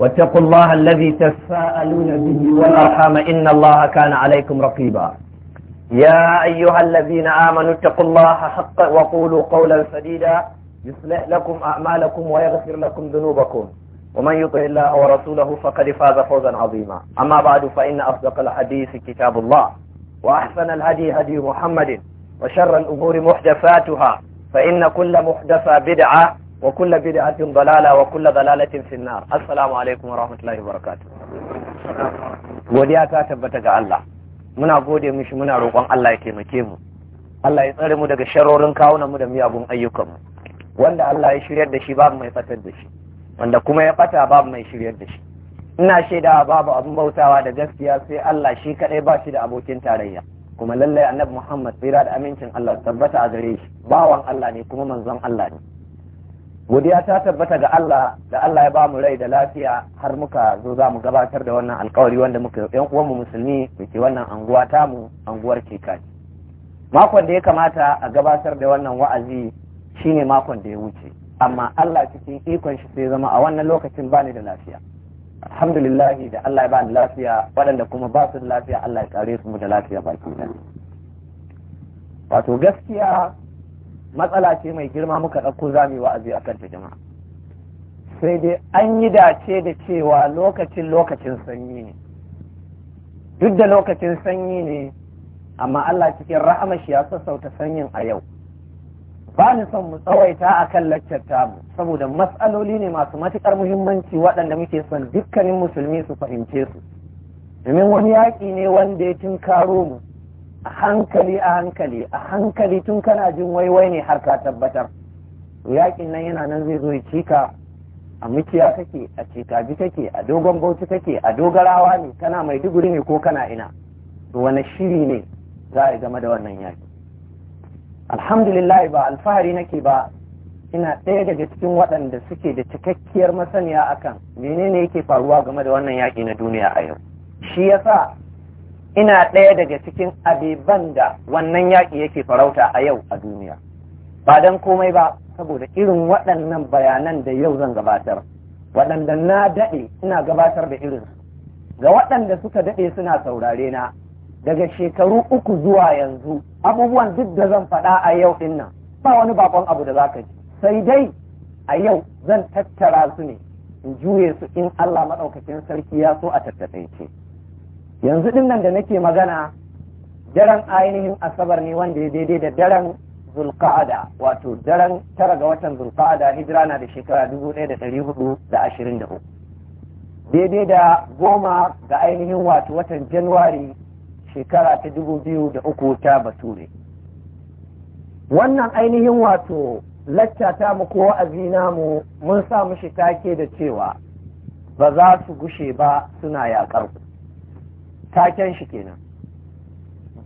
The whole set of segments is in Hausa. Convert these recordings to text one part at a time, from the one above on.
واتقوا الله الذي تساءلون به والأرحام إن الله كان عليكم رقيبا يا أيها الذين آمنوا اتقوا الله حقا وقولوا قولا سديدا يصلح لكم أعمالكم ويغفر لكم ذنوبكم ومن يطع الله ورسوله فقد فاز فوزا عظيما أما بعد فإن أصدق الحديث كتاب الله وأحسن الهدي هدي محمد وشر الأمور محدثاتها فإن كل محدثة بدعة وكل بدعة ضلالة وكل ضلالة في النار السلام عليكم ورحمة الله وبركاته godiya ta tabbata ga Allah muna gode mishi muna roƙon Allah ya taimake mu Allah ya tsare mu daga sharorin kawunan mu da miyagun ayyukan mu wanda Allah ya shiryar da shi babu mai fatar da shi wanda kuma ya fata babu mai shiryar da shi ina shaida babu abin bautawa da gaskiya sai Allah shi kadai ba shi da abokin tarayya kuma lallai annabi Muhammad tsira da amincin Allah tabbata a gare shi bawan Allah ne kuma manzon Allah ne godiya ta tabbata ga Allah da Allah ya ba mu rai da lafiya har muka zo za mu gabatar da wannan alkawari wanda muka yan mu musulmi muke ke wannan anguwa mu anguwar ke kai makon da ya kamata a gabatar da wannan wa'azi shine makon da ya wuce amma Allah cikin ikon shi sai zama a wannan lokacin bani da lafiya alhamdulillah da Allah ya ba ni lafiya waɗanda kuma ba su da lafiya Allah ya kare su mu da lafiya baki ɗaya wato gaskiya matsala ce mai girma muka ɗauko za mu yi wa'azi akan jama'a sai dai an yi dace da cewa lokacin lokacin sanyi ne duk da lokacin sanyi ne amma Allah cikin rahama shi ya sassauta sanyin a yau ba ni son mu tsawaita a kan laccar tamu saboda matsaloli ne masu matuƙar muhimmanci waɗanda muke son dukkanin musulmi su fahimce su domin wani yaƙi ne wanda ya tinkaro mu a hankali a hankali a hankali tun kana jin waiwai ne har ka tabbatar yakin nan yana nan zai zo ya cika a muciya kake a cikabi kake a dogon bauchi kake a dogarawa ne kana mai duguri ne ko kana ina to wani shiri ne za a game da wannan yaki alhamdulillah ba alfahari nake ba ina ɗaya daga cikin waɗanda suke da cikakkiyar masaniya akan menene yake faruwa game da wannan yaki na duniya a yau shi yasa ina ɗaya daga cikin abeban da wannan yaƙi yake farauta a yau a duniya ba don komai ba saboda irin waɗannan bayanan da yau zan gabatar waɗanda na daɗe ina gabatar da irin. ga waɗanda suka daɗe suna saurare na daga shekaru uku zuwa yanzu abubuwan duk da zan faɗa a yau ɗin nan ba wani bakon abu da za ka ji sai dai a yau zan tattara su ne in juye su in Allah maɗaukakin sarki ya so a tattaɗaice. yanzu din nan da nake magana daren ainihin asabar ne wanda ya daidai da daren zulqa'ada wato daren tara ga watan zulqa'ada hijira na da shekara dubu ɗaya da dari hudu da ashirin da uku daidai da goma ga ainihin wato watan januwari shekara ta dubu biyu da uku ta bature wannan ainihin wato lacca ta mu ko wa'azi namu mun sa mu shi take da cewa ba za su gushe ba suna yaƙar ku taken shi kenan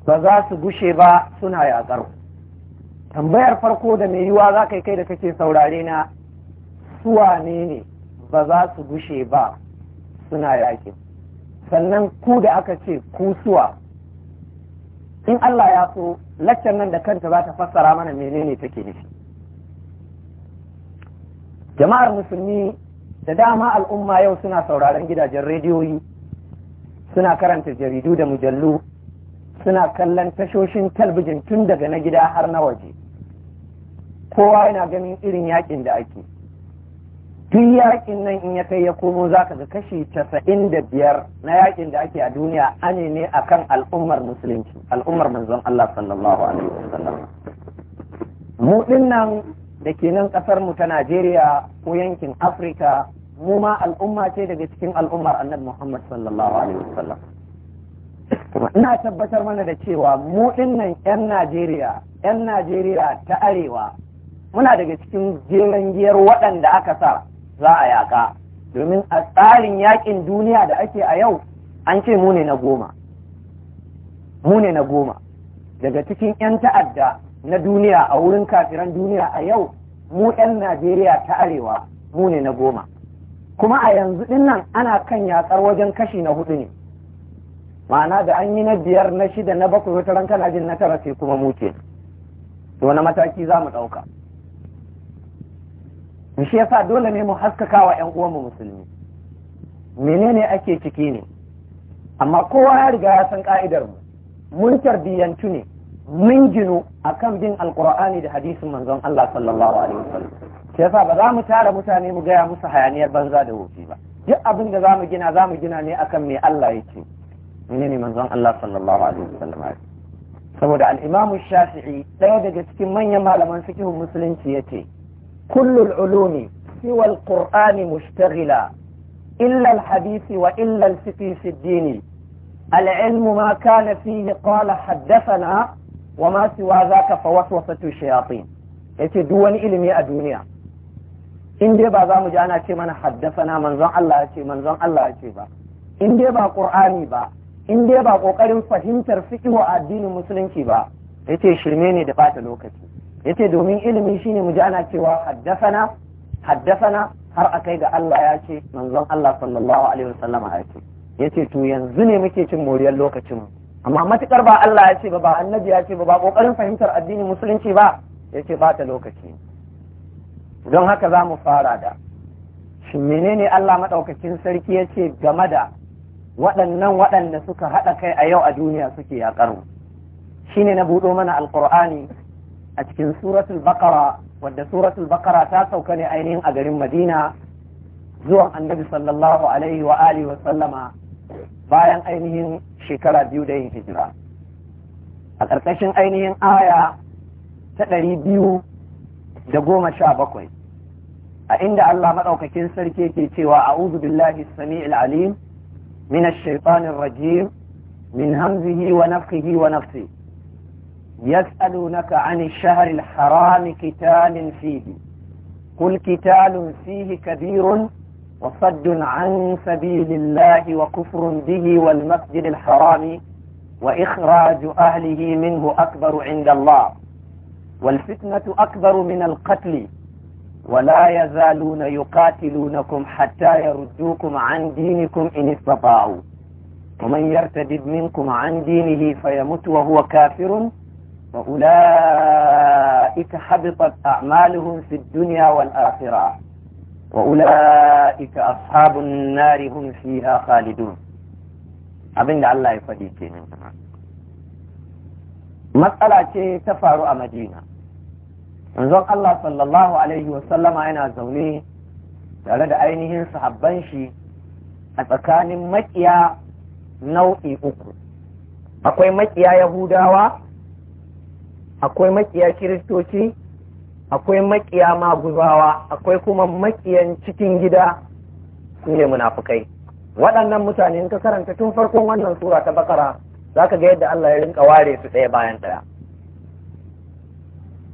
ba za su gushe ba suna yatsar. tambayar farko da mai yiwa za ka kai da kake saurare na suwa ne ne ba za su gushe ba suna yaƙi sannan ku da aka ce ku suwa in Allah ya so laccan nan da kanta za ta fassara mana menene take nufi jama'ar musulmi da dama al'umma yau suna sauraron gidajen rediyoyi suna karanta jaridu da mujallu suna kallon tashoshin talbijin tun daga na gida har na waje kowa yana ganin irin yakin da ake tun yakin nan in ya kai ya komo za ka ga kashi casa'in da biyar na yakin da ake a duniya ane ne a kan al'ummar musulunci al'ummar manzon Allah sallallahu alaihi wasallam mu nan da ke nan ƙasar mu ta Najeriya ko yankin Afirka mu ma al'umma ce daga cikin al'ummar annabi Muhammad sallallahu alaihi wasallam ina tabbatar mana da cewa mu dinnan yan Najeriya yan Najeriya ta arewa muna daga cikin jeren giyar waɗanda aka sa za a yaka domin a tsarin yakin duniya da ake a yau an ce mu ne na goma mu ne na goma daga cikin 'yan ta'adda na duniya a wurin kafiran duniya a yau mu 'yan najeriya ta arewa mu ne na goma kuma a yanzu din nan ana kan yatsar wajen kashi na hudu ne ma'ana da an yi na biyar na shida na bakwai wata ran kana jin na tara sai kuma muke to na mataki za mu ɗauka shi yasa dole ne mu haskaka wa 'yan uwanmu musulmi menene ake ciki ne amma kowa ya riga ya san ka'idar mu mun tarbiyyantu ne mun ginu akan bin alkur'ani da hadisin manzon Allah sallallahu alaihi wasallam sai yasa ba za mu tara mutane mu gaya musu hayaniyar banza da wofi ba duk abin da za mu gina za mu gina ne akan me Allah yake ne ne manzon Allah sallallahu alaihi wasallam saboda al-Imam Shafi'i ɗaya daga cikin manyan malaman fiqhun musulunci yace kullu al-ulumi siwa al-Qur'ani mushtaghila illa al-hadith wa illa al-fiqh fi ad-din العلم ما كان فيه قال حدثنا وما سوى ذاك فوسوسة الشياطين yace duk wani ilimi a duniya in dai ba za mu ji ana ce mana haddasana manzon Allah ya ce manzon Allah ya ce ba in dai ba qur'ani ba in dai ba kokarin fahimtar fiqh a addinin musulunci ba yace shirme ne da bata lokaci yace domin ilimi shine mu ji ana cewa haddasana haddasana har akai ga Allah ya ce manzon Allah sallallahu alaihi wasallam ya ce yace to yanzu ne muke cin moriyar lokacin mu amma matukar ba Allah ya ce ba ba annabi ya ce ba ba kokarin fahimtar addinin musulunci ba yace bata lokaci don haka za mu fara da shi menene Allah maɗaukakin sarki ya ce game da waɗannan waɗanda suka haɗa kai a yau a duniya suke yaƙar shi ne na buɗo mana alƙur'ani a cikin suratul bakara wadda suratul bakara ta sauka ne ainihin a garin madina zuwan annabi sallallahu alaihi wa alihi wa sallama bayan ainihin shekara biyu da yin hijira a ƙarƙashin ainihin aya ta ɗari biyu da goma sha bakwai a inda Allah madaukakin sarki yake cewa a'udhu billahi as-sami'il alim min ash-shaytanir rajim min hamzihi wa nafthihi wa nafsihi yas'alunaka 'ani ash-shahril harami qitalin fihi قل قتال فيه كبير وصد عن سبيل الله وكفر به والمسجد الحرام وإخراج أهله منه أكبر عند الله والفتنة أكبر من القتل ولا يزالون يقاتلونكم حتى يردوكم عن دينكم إن استطاعوا ومن يرتد منكم عن دينه فيمت وهو كافر فأولئك حبطت أعمالهم في الدنيا والآخرة وأولئك أصحاب النار هم فيها خالدون أبن الله يفديك مسألة تفعل مدينة manzon Allah sallallahu alaihi wasallama yana zaune tare da ainihin sahabban shi a tsakanin makiya nau'i uku akwai makiya yahudawa akwai makiya kiristoci akwai makiya maguzawa akwai kuma makiyan cikin gida su ne munafukai waɗannan mutane in ka karanta tun farkon wannan sura ta bakara zaka ga yadda Allah ya rinka ware su ɗaya bayan ɗaya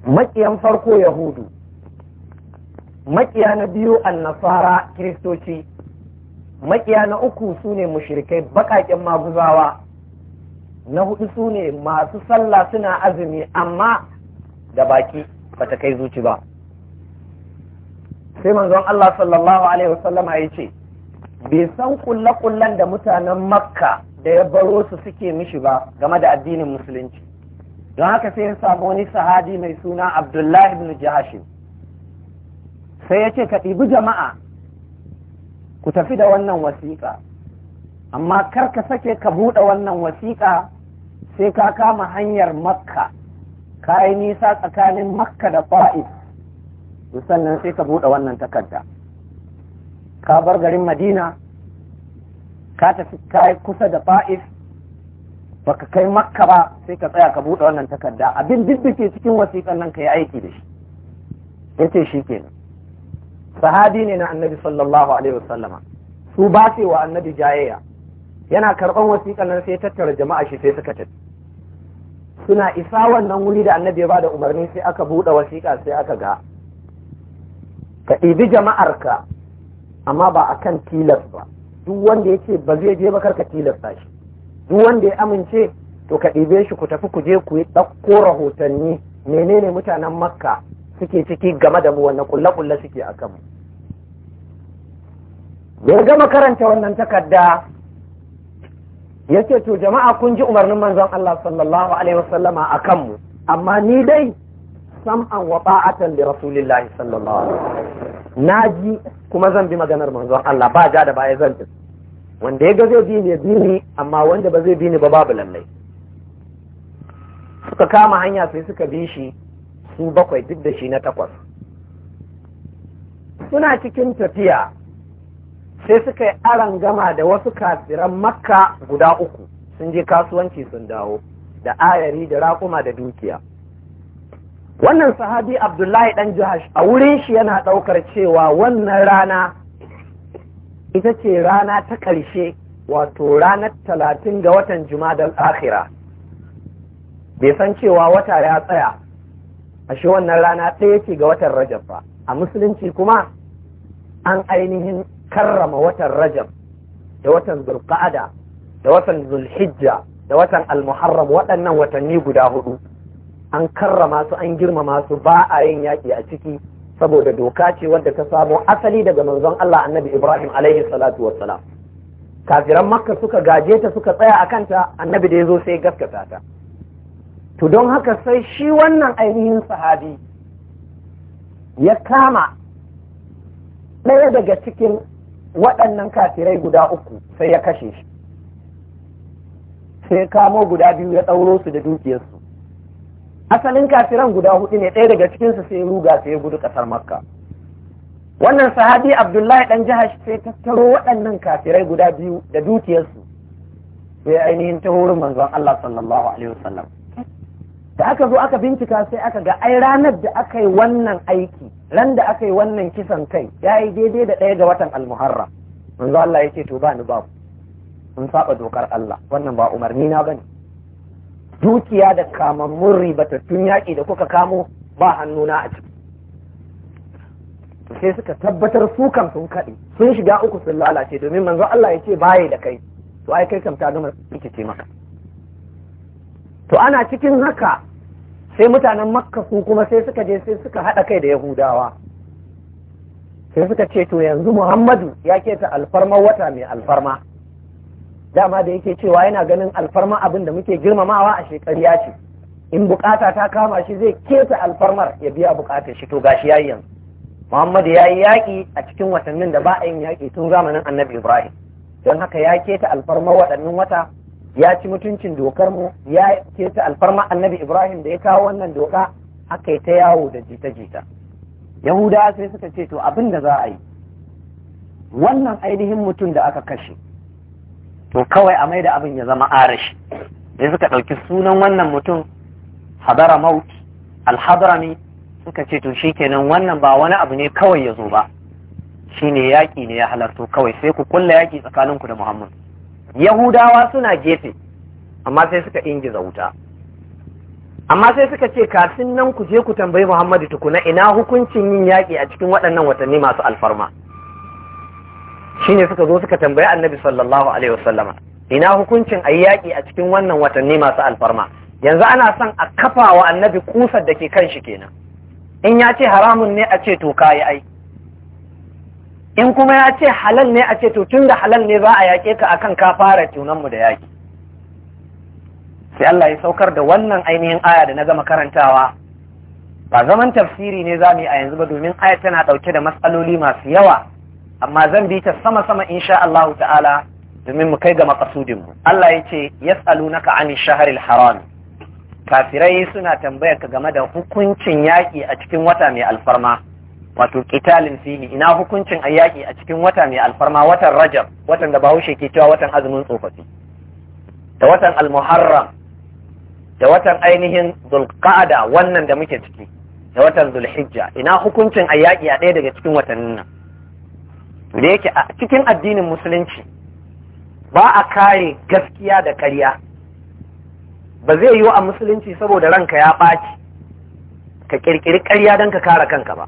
maƙiyan farko yahudu maƙiya na biyu annasara kiristoci maƙiya na uku su ne mushrikai baƙaƙen maguzawa na hudu su ne masu sallah suna azumi amma da baki ba ta kai zuci ba sai manzon Allah sallallahu alaihi wasallama ya ce bai san kulle-kullen da mutanen makka da ya baro su suke mishi ba game da addinin musulunci don haka sai ya samu wani sahabi mai suna abdullahi ibn jahashim sai ya ce ka ɗibi jama'a ku tafi da wannan wasiƙa amma kar ka sake ka buɗe wannan wasiƙa sai ka kama hanyar makka ka yi nisa tsakanin makka da fa'is sannan sai ka buɗe wannan takarda ka bar garin madina ka tafi ka kusa da fa'is Ba ka kai makka ba sai ka tsaya ka buɗe wannan takarda abin duk ke cikin wasiƙan nan ka yi aiki da shi ce shi ke sahabi ne na annabi sallallahu alaihi wasallama su ba ce wa annabi jayayya yana karɓan wasiƙan nan sai tattara jama'a shi sai suka tafi suna isa wannan wuri da annabi ya ba da umarni sai aka buɗe wasiƙa sai aka ga ka ɗibi jama'arka amma ba akan tilas ba duk wanda ya ce ba zai je ba kar ka tilasta shi duk wanda ya amince to ka ɗibe shi ku tafi ku je ku yi ɗauko rahotanni menene mutanen makka suke ciki game da mu wannan kulle-kulle suke a kanmu ya gama karanta wannan takarda yake to jama'a kun ji umarnin manzon Allah sallallahu alaihi wasallama a kanmu amma ni dai sam'an wa ba'atan li rasulillahi sallallahu alaihi na ji kuma zan bi maganar manzon Allah ba ja da baya zan tafi wanda ya ga zai bi ne bi ni amma wanda ba zai bi ni ba babu lallai suka kama hanya sai suka bi shi su bakwai duk da shi na takwas suna cikin tafiya sai suka yi aron gama da wasu kafiran makka guda uku sun je kasuwanci sun dawo da ayari da raƙuma da dukiya wannan sahabi abdullahi dan jihash a wurin shi yana ɗaukar cewa wannan rana ita ce rana ta ƙarshe wato ranar talatin ga watan jumadal akhira bai san cewa wata ya tsaya ashe wannan rana ɗaya ce ga watan rajab ba a musulunci kuma an ainihin karrama watan rajab da watan zulqa'ada da watan zulhijja da watan almuharram waɗannan watanni guda hudu an karrama su an girmama su ba a yin yaƙi a ciki saboda doka ce wadda ta samo asali daga manzon Allah annabi Ibrahim alaihi salatu wassalam kafiran makka suka gaje ta suka tsaya a kanta annabi da ya zo sai gaskata ta to don haka sai shi wannan ainihin sahabi ya kama ɗaya daga cikin waɗannan kafirai guda uku sai ya kashe shi sai kamo guda biyu ya ɗauro su da dukiyarsu asalin kafiran guda hudu ne ɗaya daga cikinsu sai ruga sai gudu ƙasar makka wannan sahabi abdullahi dan jiha sai tattaro waɗannan kafirai guda biyu da dukiyarsu sai ainihin ta wurin manzon Allah sallallahu alaihi wasallam da aka zo aka bincika sai aka ga ai ranar da aka yi wannan aiki ran da aka yi wannan kisan kai ya yi daidai da ɗaya ga watan almuharra manzo Allah ya ce to ba ni babu. mun saba dokar Allah wannan ba umarni na bane dukiya da kamammun ribatattun yaƙi da kuka kamo ba hannuna a ciki sai suka tabbatar su kam sun kaɗe sun shiga uku sun lalace domin manzo Allah ya ce baye da kai to ai kai kam ta gama rikice maka to ana cikin haka sai mutanen makka su kuma sai suka je sai suka haɗa kai da yahudawa sai suka ce to yanzu muhammadu ya keta alfarma wata mai alfarma dama da yake cewa yana ganin alfarma abin da muke girmamawa a shekariya ce in bukata ta kama shi zai keta alfarmar ya biya bukatar shi to gashi yayi yanzu Muhammadu ya yi yaƙi a cikin watannin da ba a yin yaƙi tun zamanin annabi Ibrahim don haka ya keta alfarmar waɗannan wata ya ci mutuncin dokar mu ya keta alfarmar annabi Ibrahim da ya kawo wannan doka aka yi ta yawo da jita-jita Yahudawa sai suka ce to abin da za a yi wannan ainihin mutum da aka kashe to kawai a mai da abin ya zama arashi sai suka ɗauki sunan wannan mutum hadara maut alhadrami suka ce to shikenan wannan ba wani abu ne kawai ya zo ba shine yaƙi ne ya halarto kawai sai ku kulla yaƙi tsakaninku da muhammad yahudawa suna gefe amma sai suka ingiza wuta amma sai suka ce kafin nan ku je ku tambayi muhammadu tukuna ina hukuncin yin yaƙi a cikin waɗannan watanni masu alfarma Shi ne suka zo suka tambayi annabi sallallahu alaihi wasallama ina hukuncin a yaƙi a cikin wannan watanni masu alfarma yanzu ana son a kafa wa annabi kusar da ke kan shi kenan in ya ce haramun ne a ce to kayi ai in kuma ya ce halal ne a ce to tun da halal ne za a yaƙe ka akan ka fara tunanmu da yaƙi sai Allah ya saukar da wannan ainihin aya da na gama karantawa ba zaman tafsiri ne za mu yi a yanzu ba domin aya tana ɗauke da matsaloli masu yawa amma zan bi ta sama sama insha Allah ta'ala domin mu kai ga makasudin mu Allah yace yas'alunaka 'ani shahril haram kafirai suna tambayar ka game da hukuncin yaƙi a cikin wata mai alfarma wato qitalin Fili ina hukuncin yaƙi a cikin wata mai alfarma watan Rajab watan da Bahaushe ke cewa watan azumin tsofaffi da watan Al-Muharram da watan ainihin Zulqa'ada wannan da muke ciki da watan Zulhijja ina hukuncin yaƙi a ɗaya daga cikin watannin nan da yake a cikin addinin musulunci ba a kare gaskiya da ƙarya ba zai yi a musulunci saboda ranka ya ɓaci ka ƙirƙiri ƙarya don ka kare kanka ba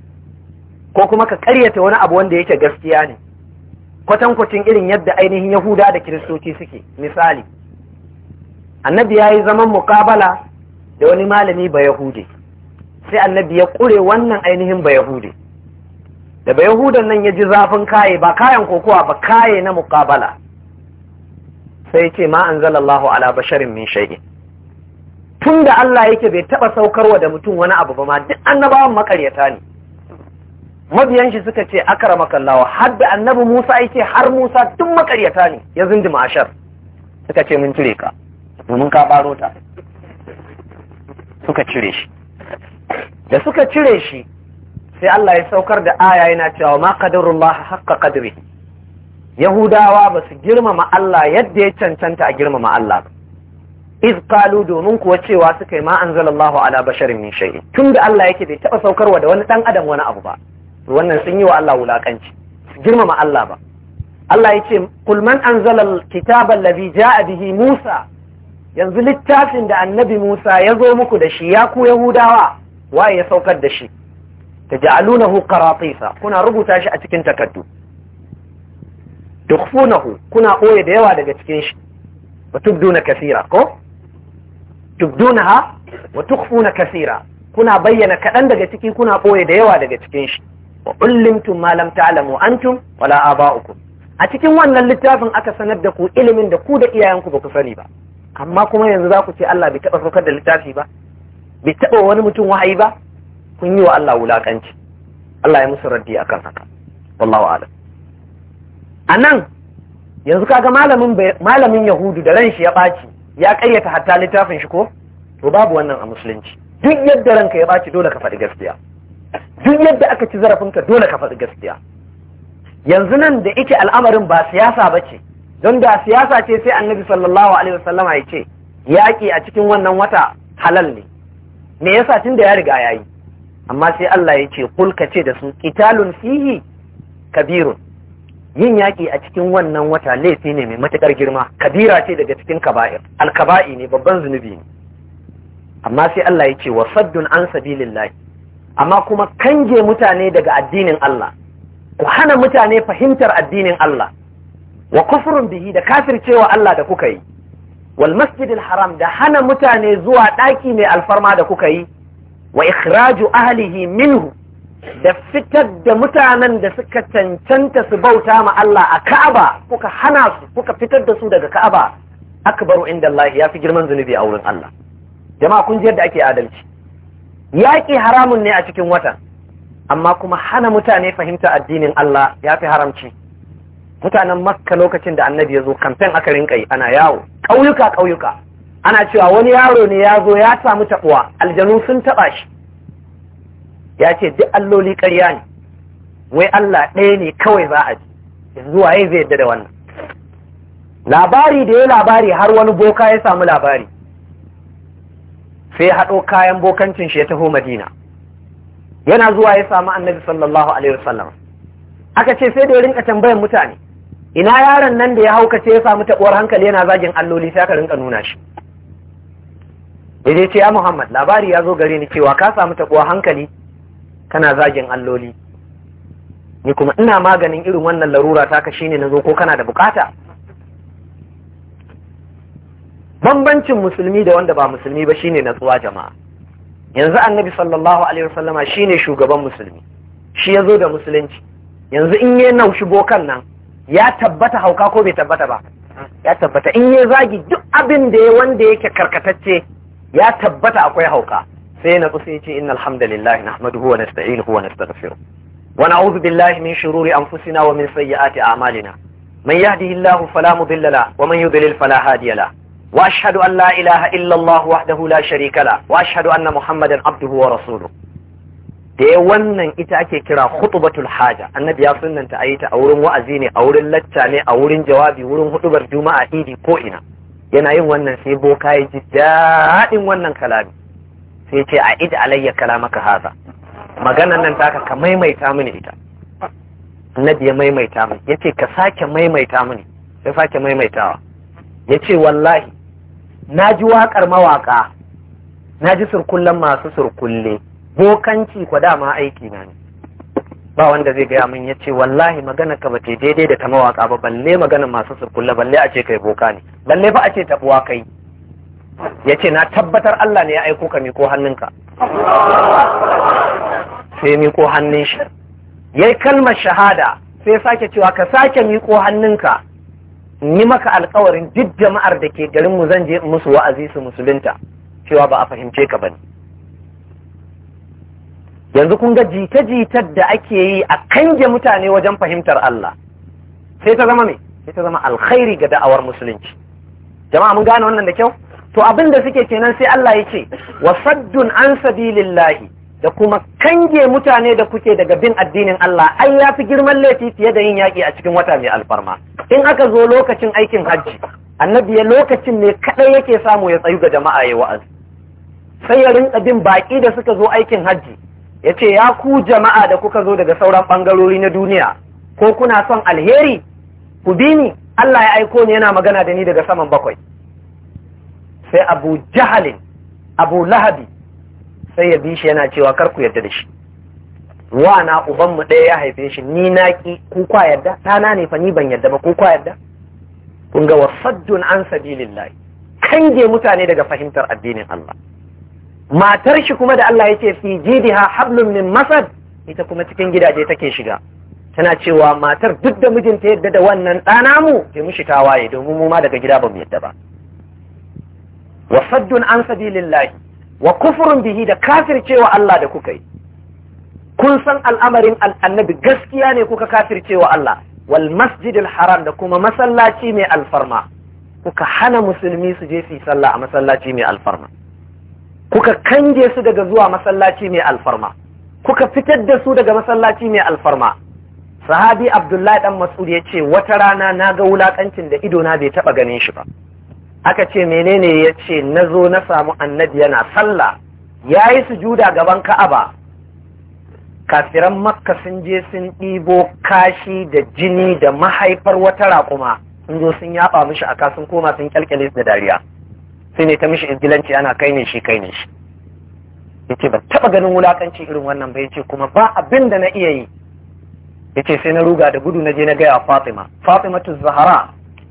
ko kuma ka ƙaryata wani abu wanda yake gaskiya ne kwatankwacin irin yadda ainihin yahuda da kiristoci suke misali annabi ya yi zaman muƙabala da wani malami ba yahudi sai annabi ya ƙure wannan ainihin ba yahudi da ba yahudan nan ya ji zafin kaye ba kayan kokowa ba kaye na mukabala. sai ce ma an zalallahu ala basharin min shay'in tun da Allah yake bai taɓa saukarwa da mutum wani abu ba ma duk annabawan makaryata ne mabiyan shi suka ce akrama kallawa har da annabi Musa yake har Musa tun makaryata ne ya zindima ashar suka ce mun cire ka domin ka baro ta suka cire shi da suka cire shi sai Allah ya saukar da aya yana cewa ma qadarullah haqqa qadri yahudawa ba su girmama Allah yadda ya cancanta a girmama Allah ba iz qalu domin kuwa cewa suka yi ma anzalallahu ala basharin min shay'in tunda Allah yake bai taba saukarwa da wani dan adam wani abu ba wannan sun yi wa Allah wulakanci girmama Allah ba Allah ya ce kulman man anzala alkitaba allazi jaa bihi Musa yanzu littafin da annabi Musa ya zo muku da shi ya ku Yahudawa waye ya saukar da shi taj'alunahu qaratisa kuna rubuta shi a cikin takaddu tukhfunahu kuna koye da yawa daga cikin shi wa tubduna kaseera ko tubdunaha wa tukhfuna kaseera kuna bayyana kaɗan daga ciki kuna ɓoye da yawa daga cikin shi wa ullimtum ma lam ta'lamu antum wala aba'ukum a cikin wannan littafin aka sanar da ku ilimin da ku da iyayenku ba ku sani ba amma kuma yanzu za ku ce Allah bai taɓa saukar da littafi ba bai taɓa wani mutum wahayi ba kun yi wa Allah wulakanci Allah ya musu raddi akan haka wallahu a'lam anan yanzu kaga malamin malamin yahudu da ran shi ya baci ya kayyata hatta littafin shi ko to babu wannan a musulunci duk yadda ranka ya baci dole ka faɗi gaskiya duk yadda aka ci zarafinka dole ka faɗi gaskiya yanzu nan da ike al'amarin ba siyasa ba ce don da siyasa ce sai annabi sallallahu alaihi wasallama ya ce yaƙi a cikin wannan wata halal ne me yasa tun da ya riga ya yi amma sai Allah ya ce kulka ce da su Kitalun fihi kabirun yin yaƙi a cikin wannan wata laifi ne mai matuƙar girma kabira ce daga cikin kaba'ir alkaba'i ne babban zunubi ne amma sai Allah ya ce wa saddun an sabilillahi amma kuma kange mutane daga addinin Allah ku hana mutane fahimtar addinin Allah wa kufurun bihi da kafircewa Allah da kuka yi wal masjidil haram da hana mutane zuwa ɗaki mai alfarma da kuka yi wa ikhraju ahlihi minhu da fitar da mutanen da suka cancanta su bauta ma Allah a Ka'aba kuka hana su kuka fitar da su daga Ka'aba akbaru inda Allah ya fi girman zunubi a wurin Allah jama'a kun ji yadda ake adalci yaƙi haramun ne a cikin watan amma kuma hana mutane fahimta addinin Allah ya fi haramci mutanen makka lokacin da annabi ya zo kamfen aka rinka yi ana yawo ƙauyuka ƙauyuka ana cewa wani yaro ne ya zo ya samu taɓuwa aljanu sun taɓa shi ya ce duk alloli ƙarya ne wai Allah ɗaya ne kawai za a ji yanzu waye zai yadda da wannan labari da ya labari har wani boka ya samu labari sai ya haɗo kayan bokancin shi ya taho madina yana zuwa ya samu annabi sallallahu alaihi wasallam aka ce sai da ya rinka tambayan mutane ina yaron nan da ya haukace ya samu taɓuwar hankali yana zagin alloli sai aka rinka nuna shi ya ce ya Muhammad labari ya zo gare ni cewa ka samu taɓuwa hankali kana zagin alloli ni kuma ina maganin irin wannan larura taka ne na zo ko kana da bukata bambancin musulmi da wanda ba musulmi ba shine natsuwa jama'a yanzu annabi sallallahu alaihi wasallama shine shugaban musulmi shi ya zo da musulunci yanzu in ya shigo bokan nan ya tabbata hauka ko bai tabbata ba ya tabbata in ya zagi duk abin da ya wanda yake karkatacce ya tabbata akwai hauka sai na kusa yace innal hamdalillah nahmaduhu wa nasta'inuhu wa nastaghfiruh wa na'udhu billahi min shururi anfusina wa min sayyiati a'malina man yahdihillahu fala mudilla la wa man yudlil fala hadiya la wa ashhadu an la ilaha illa Allah wahdahu la sharika la wa ashhadu anna Muhammadan abduhu wa rasuluh da wannan ita ake kira khutbatul haja annabi ya sunnanta ayi ta a wurin wa'azi ne a wurin lacca ne a wurin jawabi wurin hudubar juma'a idi ko ina yana yin wannan sai boka ya ji daɗin wannan kalami sai ce a ita alayya kalamaka haza maganan nan taka ka maimaita mini ita na ya maimaita mini yace ka sake maimaita mini sai sake maimaitawa yace wallahi na ji waƙar mawaƙa na ji surkullen masu surkulle bokanci kwa dama aiki na ne ba wanda zai gaya min ya ce wallahi magana ka ce daidai da ta mawaka ba balle magana masu sukulla balle a ce kai boka ne balle ba a ce tabuwa kai ya ce na tabbatar Allah ne ya aiko ka miko hannunka sai miko hannun shi ya yi kalmar shahada sai sake cewa ka sake miko hannunka ni maka alkawarin duk jama'ar da ke garin mu zan je musu wa'azi su musulunta cewa ba a fahimce ka bane yanzu kun ga jita-jitar da ake yi a kange mutane wajen fahimtar Allah sai ta zama me sai ta zama alkhairi ga da'awar musulunci jama'a mun gane wannan da kyau to abin da suke kenan sai Allah ya ce wa saddun an sabilillahi da kuma kange mutane da kuke daga bin addinin Allah ai ya fi girman laifi fiye da yin yaƙi a cikin wata mai alfarma in aka zo lokacin aikin hajji annabi ya lokacin ne kaɗai yake samu ya tsayu ga jama'a ya wa'azi sai ya rinka bin baƙi da suka zo aikin hajji ya ce ya ku jama'a da kuka zo daga sauran ɓangarori na duniya ko kuna son alheri ku bi ni Allah ya aiko ni yana magana da ni daga saman bakwai sai abu jahalin abu lahabi sai ya bi shi yana cewa kar ku yarda da shi Wa na ubanmu ɗaya ya haife shi ni na ki ku kwa yarda ɗana ne fa ni ban yarda ba ku kwa yarda kun ga wasaddun an sabilillahi kange mutane daga fahimtar addinin Allah matar shi kuma da Allah yake fi jidiha hablum min masad ita kuma cikin gidaje take shiga tana cewa matar duk da mijinta yadda da wannan ɗana mu ke mushi tawaye domin mu ma daga gida ba mu yadda ba wa saddun an sabilillahi wa kufurun bihi da kafircewa Allah da kuka yi kun san al'amarin annabi gaskiya ne kuka kafircewa Allah wal masjidil haram da kuma masallaci mai alfarma kuka hana musulmi su je su sallah a masallaci mai alfarma kuka kange su daga zuwa masallaci mai alfarma kuka fitar da su daga masallaci mai alfarma sahabi abdullahi dan mas'ud ya ce wata rana na ga wulakancin da ido na bai taɓa ganin shi ba aka ce menene ya ce na zo na samu annabi yana sallah ya yi sujuda gaban ka'aba kafiran makka sun je sun ɗibo kashi da jini da mahaifar wata raƙuma sun zo sun yaɓa mishi a sun koma sun kyalkyale da dariya sai ne ta mishi izgilanci ana kai ne shi kai ne shi Ya ce ba taba ganin wulakanci irin wannan ba ya ce kuma ba abin da na iya yi Ya ce sai na ruga da gudu na je na gaya Fatima tu Zahra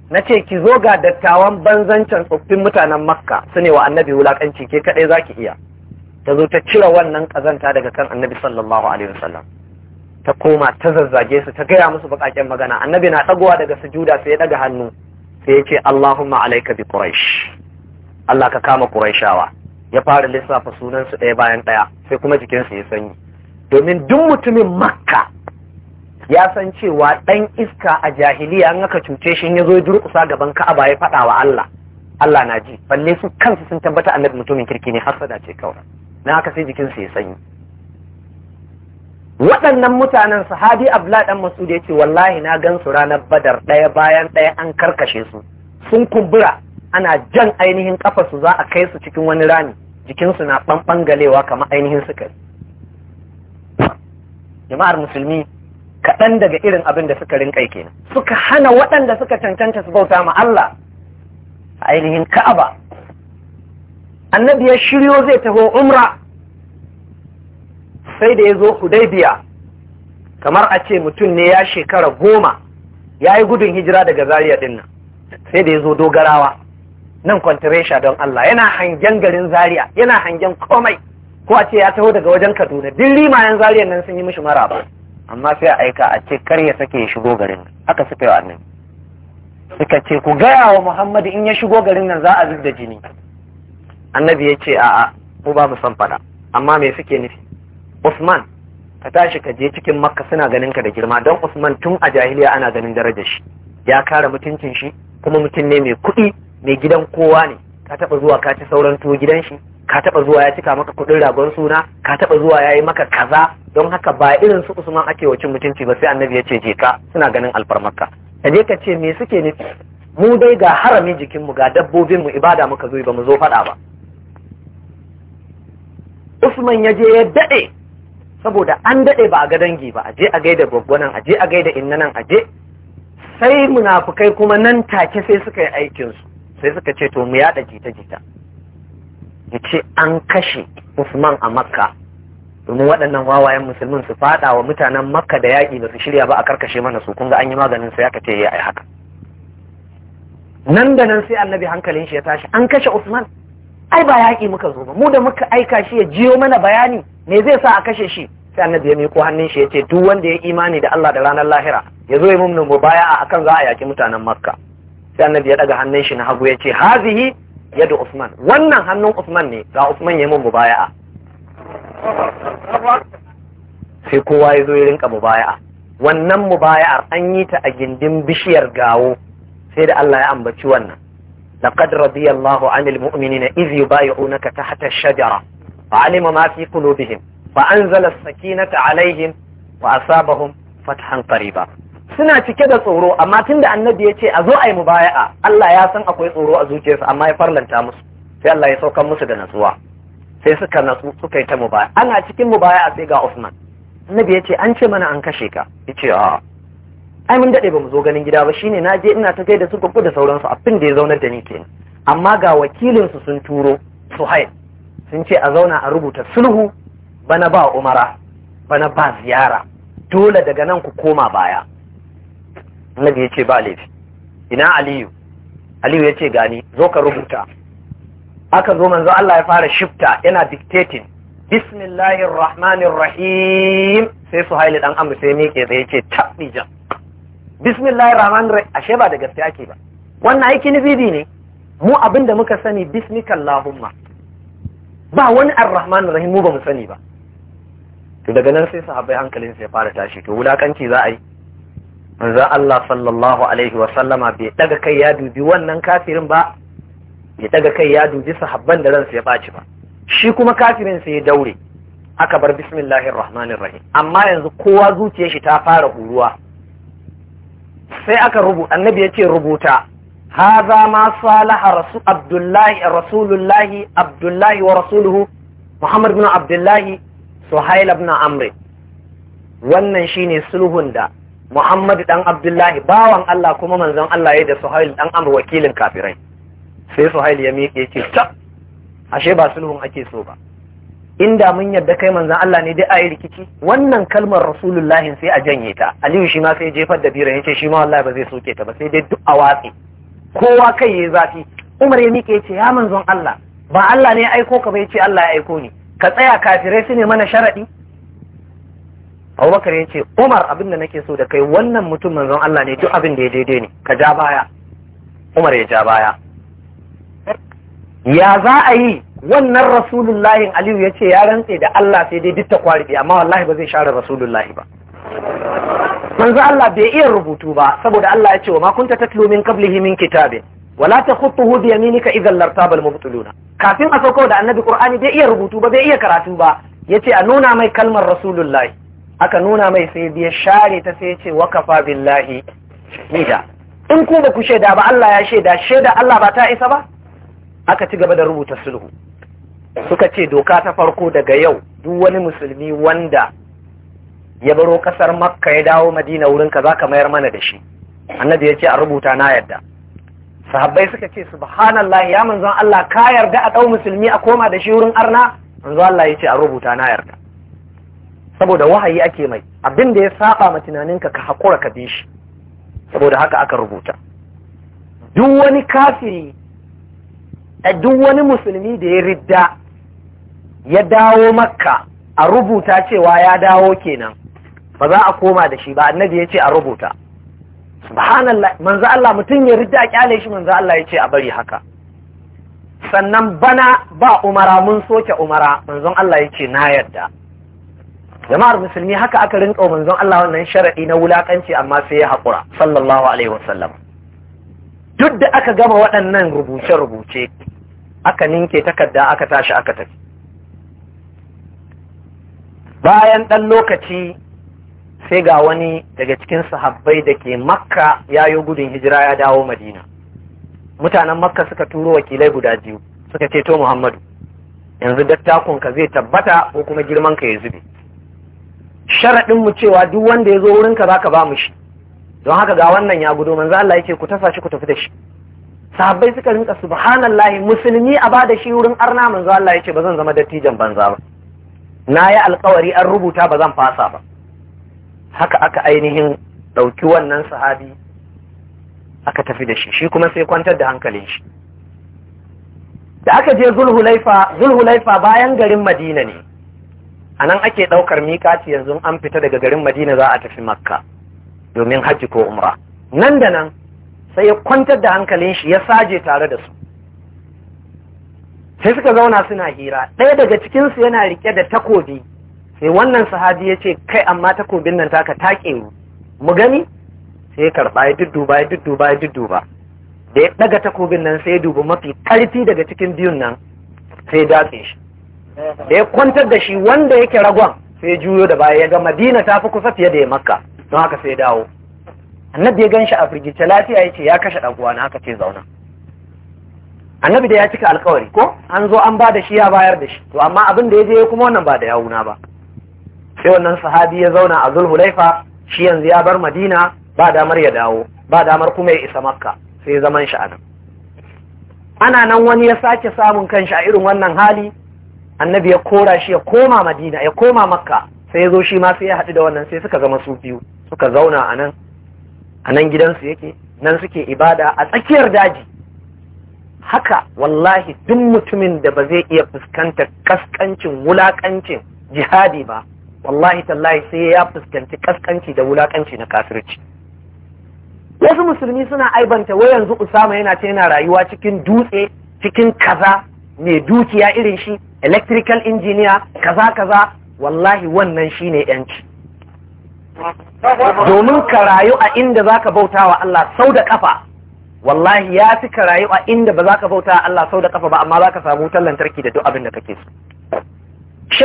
na ce ki zo ga dattawan banzancin tsoffin mutanen Makka su ne wa annabi wulakanci ke kadai ki iya ta zo ta cire wannan kazanta daga kan annabi sallallahu alaihi wasallam ta koma ta zazzage su ta gaya musu bakaken magana annabi na dagowa daga sujuda sai ya daga hannu sai ya ce Allahumma alaika bi quraish Allah ka kama Qurayshawa ya fara lissafa sunansu ɗaya bayan ɗaya sai kuma jikinsu ya sanyi domin duk mutumin makka ya san cewa ɗan iska a jahiliya an aka cuce shi ya zo durƙusa gaban ka'aba ya faɗa wa Allah Allah na ji balle su kansu sun tabbata annabi mutumin kirki ne sada ce kawai na haka sai jikinsu ya sanyi waɗannan mutanen sahabi abdullahi dan masud ya ce wallahi na gan su ranar badar ɗaya bayan ɗaya an karkashe su sun kumbura ana jan ainihin kafarsu za a kai su cikin wani rami jikinsu na galewa kamar ainihin sukari jama'ar musulmi kaɗan daga irin abin da suka rinƙai kenan suka hana waɗanda suka cancanta su bauta ma Allah a ainihin ka'aba annabi ya shiryo zai taho umra sai da ya zo hudaibiya kamar a ce mutum ne ya shekara goma ya yi gudun hijira daga zariya ɗin nan sai da ya zo dogarawa nan kwantiresha don Allah yana hangen garin zaria yana hangen komai ko a ce ya taho daga wajen kaduna duk limayen zariyan nan sun yi mishi mara ba. amma sai a aika a ce kar ya sake ya shigo garin haka suka yi annabi suka ce ku gaya wa muhammadu in ya shigo garin nan za a zub da jini annabi ya ce a'a ku ba mu san fada amma me suke nufi usman ka tashi ka je cikin makka suna ganin ka da girma don usman tun a jahiliya ana ganin darajar shi ya kare mutuncin shi kuma mutum ne mai kuɗi mai gidan kowa ne ka taba zuwa ka ci sauran tuwo gidan shi ka taba zuwa ya cika maka kuɗin ragon suna ka taba zuwa ya yi maka kaza don haka ba irin su usman ake wacin mutunci ba sai annabi ya ce je ka suna ganin alfarmarka ka je ka ce me suke ne mu dai ga haramin jikinmu ga dabbobinmu ibada muka zo ba mu zo faɗa ba usman ya je ya daɗe saboda an daɗe ba a ga dangi ba a je a gaida gwaggwanan a je a gaida innanan a je sai munafukai kuma nan take sai suka yi aikinsu sai suka ce to mu yada jita-jita ya ce an kashe usman a makka domin waɗannan wawayen musulmin su faɗa wa mutanen makka da yaƙi ba su shirya ba a karkashe mana su kun ga an yi maganin sai aka ce ya yi haka nan da nan sai annabi hankalin shi ya tashi an kashe usman ai ba yaƙi muka zo ba mu da muka aika shi ya jiyo mana bayani me zai sa a kashe shi sai annabi ya miƙo hannun shi ya ce duk wanda ya imani da Allah da ranar lahira ya zo ya mumnu mu baya akan za a yaƙi mutanen makka sai annabi ya daga hannun shi na hagu ya ce hazihi yadu usman wannan hannun usman ne ga usman ya mun mubaya'a sai kowa ya zo ya rinka mubaya'a wannan mubaya'ar an yi ta a gindin bishiyar gawo sai da Allah ya ambaci wannan laqad radiyallahu anil mu'minina iz yubayyi'unaka tahta ash-shajara fa'alima ma fi qulubihim فأنزل السكينة عليهم وأصابهم فتحا قريبا suna cike da tsoro amma tunda annabi ya ce a zo a yi mubaya'a Allah ya san akwai tsoro a zuciyarsu amma ya farlanta musu sai Allah ya saukan musu da natsuwa sai suka natsu suka yi ta mubaya ana cikin mubaya'a sai ga Usman annabi ya ce an ce mana an kashe ka ya ce a ai mun dade bamu zo ganin gida ba shine na je ina ta gaida su gugu da sauransu abin da ya zaunar da ni kenan amma ga wakilin su sun turo Suhail sun ce a zauna a rubuta sulhu bana ba umara bana ba ziyara dole daga nan ku koma baya annabi ya ce ba laifi ina aliyu aliyu ya ce gani zo ka rubuta aka zo manzo Allah ya fara shifta yana dictating bismillahir rahmanir rahim sai haili dan amr sai miƙe sai yace tabijan bismillahir rahmanir rahim ashe ba da gaskiya ake ba wannan aiki bibi ne mu abinda muka sani bismikallahumma ba wani arrahmanir rahim mu ba mu sani ba to daga nan sai sahabbai hankalin sai fara tashi to wulakanci za a yi manzon Allah sallallahu alaihi wa sallama bai daga kai ya dubi wannan kafirin ba ya daga kai ya dubi sahabban da ransu ya baci ba shi kuma kafirin sai ya daure aka bar bismillahir rahmanir rahim amma yanzu kowa zuciyar shi ta fara huruwa sai aka rubuta annabi ya ce rubuta هذا ما صالح رسول عبد الله رسول الله عبد الله ورسوله محمد بن عبد الله wannan shine sulhun da Muhammadu dan Abdullahi bawan Allah kuma manzon Allah ya da Suhail dan Amr wakilin kafirai sai Suhail ya miƙe ce ta ashe ba sulhun ake so ba inda mun yarda kai manzon Allah ne dai a yi rikici wannan kalmar Rasulullahi sai a janye ta Aliyu shi ma sai jefar da bira yace shi ma wallahi ba zai soke ta ba sai dai duk a watsi kowa kai yayi zafi Umar ya miƙe yace ya manzon Allah ba Allah ne ya aiko ka ba ce Allah ya aiko ni ka tsaya kafirai su ne mana sharaɗi abubakar ya ce umar abin da nake so da kai wannan mutum manzon Allah ne duk abin da ya daidai ne ka ja baya umar ya ja baya ya za a yi wannan rasulullahi aliyu ya ce ya rantse da Allah sai dai duk ta kwaribi amma wallahi ba zai share rasulullahi ba manzo Allah bai iya rubutu ba saboda Allah ya ce wa ma kunta tatlu min qablihi min kitabe wala takhutuhu bi yaminika idhan lartaba al kafin a sauko da annabi qur'ani bai iya rubutu ba bai iya karatu ba yace a nuna mai kalmar rasulullahi aka nuna mai sai biya share ta sai ya ce wakafa billahi nida in ku ba ku shaida ba Allah ya shaida shaida Allah ba ta isa ba aka ci gaba da rubuta sulhu suka ce doka ta farko daga yau duk wani musulmi wanda ya baro kasar makka ya dawo madina wurin ka za ka mayar mana da shi annabi ya ce a rubuta na yadda sahabbai suka ce subhanallah ya manzon Allah ka yarda a dau musulmi a koma da shi wurin arna manzon Allah ya ce a rubuta na yarda saboda wahayi ake mai abin da ya saba ma tunaninka ka hakura ka bi shi saboda haka aka rubuta duk wani kafiri a duk wani musulmi da ya ridda ya dawo makka a rubuta cewa ya dawo kenan ba za a koma da shi ba annabi ya ce a rubuta subhanallah manzo Allah mutum ya ridda a kyale shi manzo Allah ya ce a bari haka sannan bana ba umara mun soke umara manzon Allah ya ce na yarda jama'ar musulmi haka aka rinka manzon Allah wannan sharaɗi na wulakanci amma sai ya haƙura sallallahu alaihi wasallam duk da aka gama waɗannan rubuce-rubuce aka ninke takarda aka tashi aka tafi bayan ɗan lokaci sai ga wani daga cikin sahabbai da ke makka ya yi gudun hijira ya dawo madina mutanen makka suka turo wakilai guda biyu suka ce to muhammadu yanzu dattakunka zai tabbata ko kuma girmanka ya zube sharaɗin mu cewa duk wanda ya zo wurin ka zaka ba mu shi don haka ga wannan ya gudo manzo Allah yake ku tasa shi ku tafi da shi sahabbai suka rinka subhanallahi musulmi a bada shi wurin arna manzo Allah yake ba zan zama dattijan banza ba na yi alkawari an rubuta ba zan fasa ba haka aka ainihin ɗauki wannan sahabi aka tafi da shi shi kuma sai kwantar da hankalin shi da aka je zulhulaifa zulhulaifa bayan garin madina ne a nan ake ɗaukar mikaci yanzu an fita daga garin madina za a tafi makka domin hajji ko umra nan da nan sai ya kwantar da hankalin shi ya saje tare da su sai suka zauna suna hira ɗaya daga cikinsu yana rike da takobi sai wannan sahabi ya ce kai amma takobin nan taka take mu mu gani sai ya karɓa ya dudduba ya dudduba ya dudduba da ya ɗaga takobin nan sai ya dubi mafi ƙarfi daga cikin biyun nan sai ya datse shi da ya kwantar da shi wanda yake ragon sai juyo da baya ya ga madina ta fi kusa fiye da ya maka, don haka sai dawo annabi ya gan shi a firgice lafiya ya ce ya kashe ɗaguwa na haka ce zauna annabi da ya cika alkawari ko an zo an ba da shi ya bayar da shi to amma abin da ya je kuma wannan ba da yawuna ba sai wannan sahabi ya zauna a zulhulaifa shi yanzu ya bar madina ba damar ya dawo ba damar kuma ya isa makka sai zaman shi anan ana nan wani ya sake samun kanshi a irin wannan hali annabi ya kora shi ya koma madina ya koma makka sai ya zo shi ma sai ya haɗu da wannan sai suka zama su biyu suka zauna a nan a nan gidansu yake nan suke ibada a tsakiyar daji haka wallahi duk mutumin da ba zai iya fuskantar kaskancin wulakancin jihadi ba wallahi tallahi sai ya fuskanci kaskanci da wulakanci na kafirci wasu musulmi suna aibanta wai yanzu usama yana ce yana rayuwa cikin dutse cikin kaza mai dukiya irin shi electrical engineer kaza kaza wallahi wannan shine yanci domin ka rayu a inda ka bauta wa Allah sau da ƙafa, wallahi ya fi ka rayu a inda ba ka bauta wa Allah sau da kafa ba amma ka samu wutar lantarki da duk abin da kake so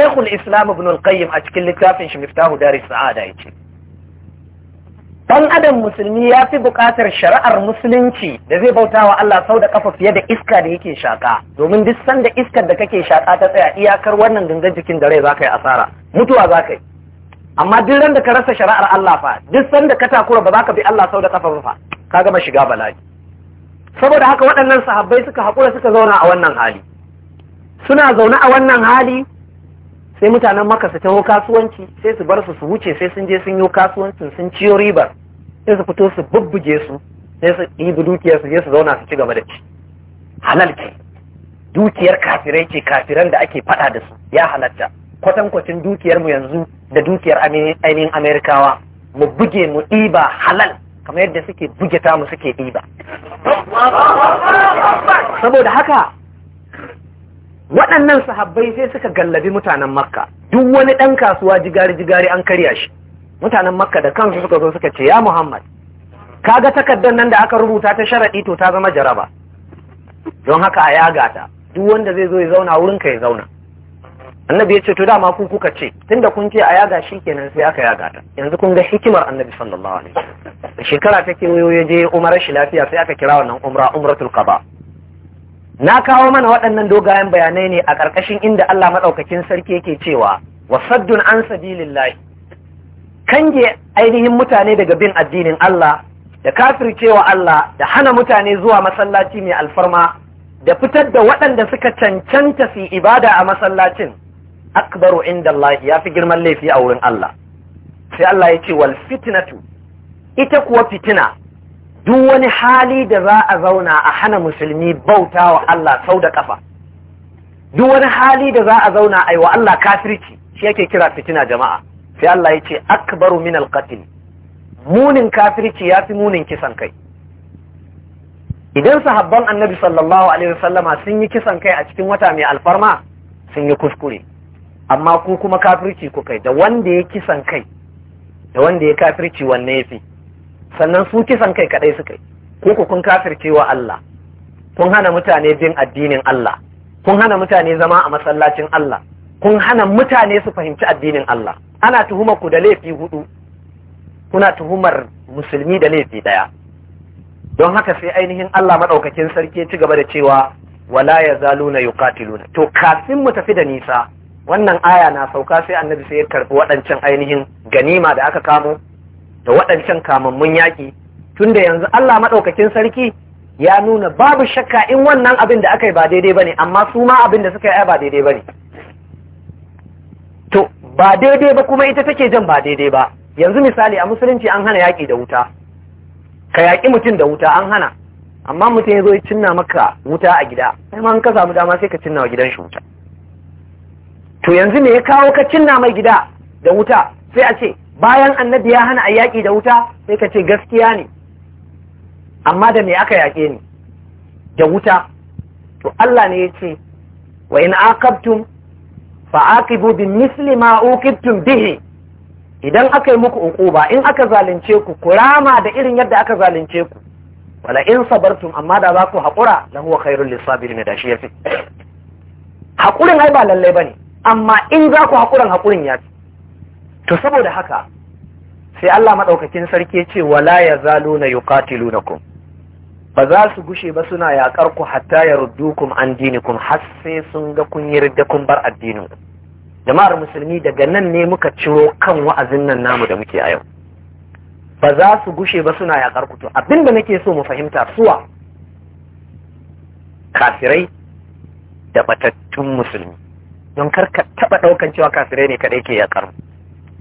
Sheikhul Islam Ibn al-Qayyim a cikin littafin shi Miftahu Daris Sa'ada yace ɗan adam musulmi ya fi buƙatar shari'ar musulunci da zai bauta wa Allah sau da ƙafa fiye da iska da yake shaƙa domin duk sanda iskar da kake shaƙa ta tsaya iyakar wannan gangan jikin da rai za ka yi asara mutuwa za ka yi amma duk ran da ka rasa shari'ar Allah fa duk sanda ka takura ba za ka bi Allah sau da ƙafa fa ka gama shiga bala'i saboda haka waɗannan sahabbai suka haƙura suka zauna a wannan hali suna zaune a wannan hali sai mutanen maka su taho kasuwanci sai su bar su su wuce sai sun je sun yi kasuwancin sun ciyo riba sai su fito su bubbuge su sai su ɗibi dukiyar su je su zauna su ci gaba da ci halal ke dukiyar kafirai ce kafiran da ake faɗa da su ya halatta kwatankwacin dukiyar mu yanzu da dukiyar ainihin amerikawa mu buge mu ɗiba halal kamar yadda suke buge mu suke ɗiba saboda haka waɗannan sahabbai sai suka gallabi mutanen makka duk wani ɗan kasuwa jigari-jigari an karya shi mutanen makka da kansu suka zo suka ce ya muhammad kaga takardar nan da aka rubuta ta sharaɗi to ta zama jaraba don haka a yaga ta duk wanda zai zo ya zauna wurin ka ya zauna annabi ya ce to dama ku kuka ce tunda kun ce a yaga shi kenan sai aka yaga ta yanzu kun ga hikimar annabi sallallahu alaihi wasallam shekara take wayoyi ya je umar shi lafiya sai aka kira wannan umra umratul qaba na kawo mana waɗannan dogayen bayanai ne a ƙarƙashin inda Allah maɗaukakin sarki yake cewa wasaddun an sabilillahi kange ainihin mutane daga bin addinin Allah da kafircewa Allah da hana mutane zuwa masallaci mai alfarma da fitar da waɗanda suka cancanta su ibada a masallacin akbaru inda Allah ya fi girman laifi a wurin Allah sai Allah ya ce wal fitnatu ita kuwa fitina duk wani hali da za a zauna a hana musulmi bauta wa Allah sau da ƙafa, duk wani hali da za a zauna a yi wa Allah kafirci shi yake kira fitina jama'a sai Allah ya ce akbaru min alƙatil munin kafirci ya fi munin kisan kai idan sahabban annabi sallallahu alaihi wasallama sun yi kisan kai a cikin wata mai alfarma sun yi kuskure amma ku kuma kafirci ku kai da wanda ya kisan kai da wanda ya kafirci wanne ya fi sannan su kisan kai kaɗai suka yi ko ku kun cewa Allah kun hana mutane bin addinin Allah kun hana mutane zama a masallacin Allah kun hana mutane su fahimci addinin Allah ana tuhumar ku da laifi hudu kuna tuhumar musulmi da laifi daya don haka sai ainihin Allah madaukakin sarki ci gaba da cewa wala yazaluna yuqatiluna to kafin mu tafi da nisa wannan aya na sauka sai annabi sai ya karbi waɗancan ainihin ganima da aka kamo da waɗancan kamammun yaƙi tunda yanzu Allah maɗaukakin sarki ya nuna babu shakka in wannan abin da aka yi ba daidai ba ne, amma su ma abin da suka yi ba daidai ba ne. to ba daidai ba kuma ita take jan ba daidai ba yanzu misali a musulunci an hana yaƙi da wuta ka yaƙi mutum da wuta an hana amma mutum ya zo ya cinna maka wuta a gida sai ma ka samu dama sai ka cinna wa gidan shi wuta to yanzu me ya kawo ka cinna mai gida da wuta sai a ce bayan annabi ya hana a yaƙi da wuta sai ka ce gaskiya ne amma da me aka yaƙe ni da wuta to Allah ne ya ce wa in aqabtum fa aqibu bi misli ma uqibtum bihi idan aka yi muku ba in aka zalunce ku kurama da irin yadda aka zalunce ku wala in sabartum amma da za ku haƙura la huwa khairul lisabirin da shi yafi haƙurin ai ba lalle bane amma in za ku haƙurin haƙurin yafi to saboda haka sai Allah maɗaukakin sarki ce wala ya zalo na yuqatilu na kun ba za su gushe ba suna yaƙar ku hatta ya ruddukum an dinikum har sai sun ga kun yi kun bar addinin jama'ar musulmi daga nan ne muka ciro kan wa'azin nan namu da muke a yau ba za su gushe ba suna yaƙar ku to abinda nake so mu fahimta suwa kafirai da batattun musulmi don kar ka taɓa ɗaukan cewa kafirai ne kaɗai ke yaƙar mu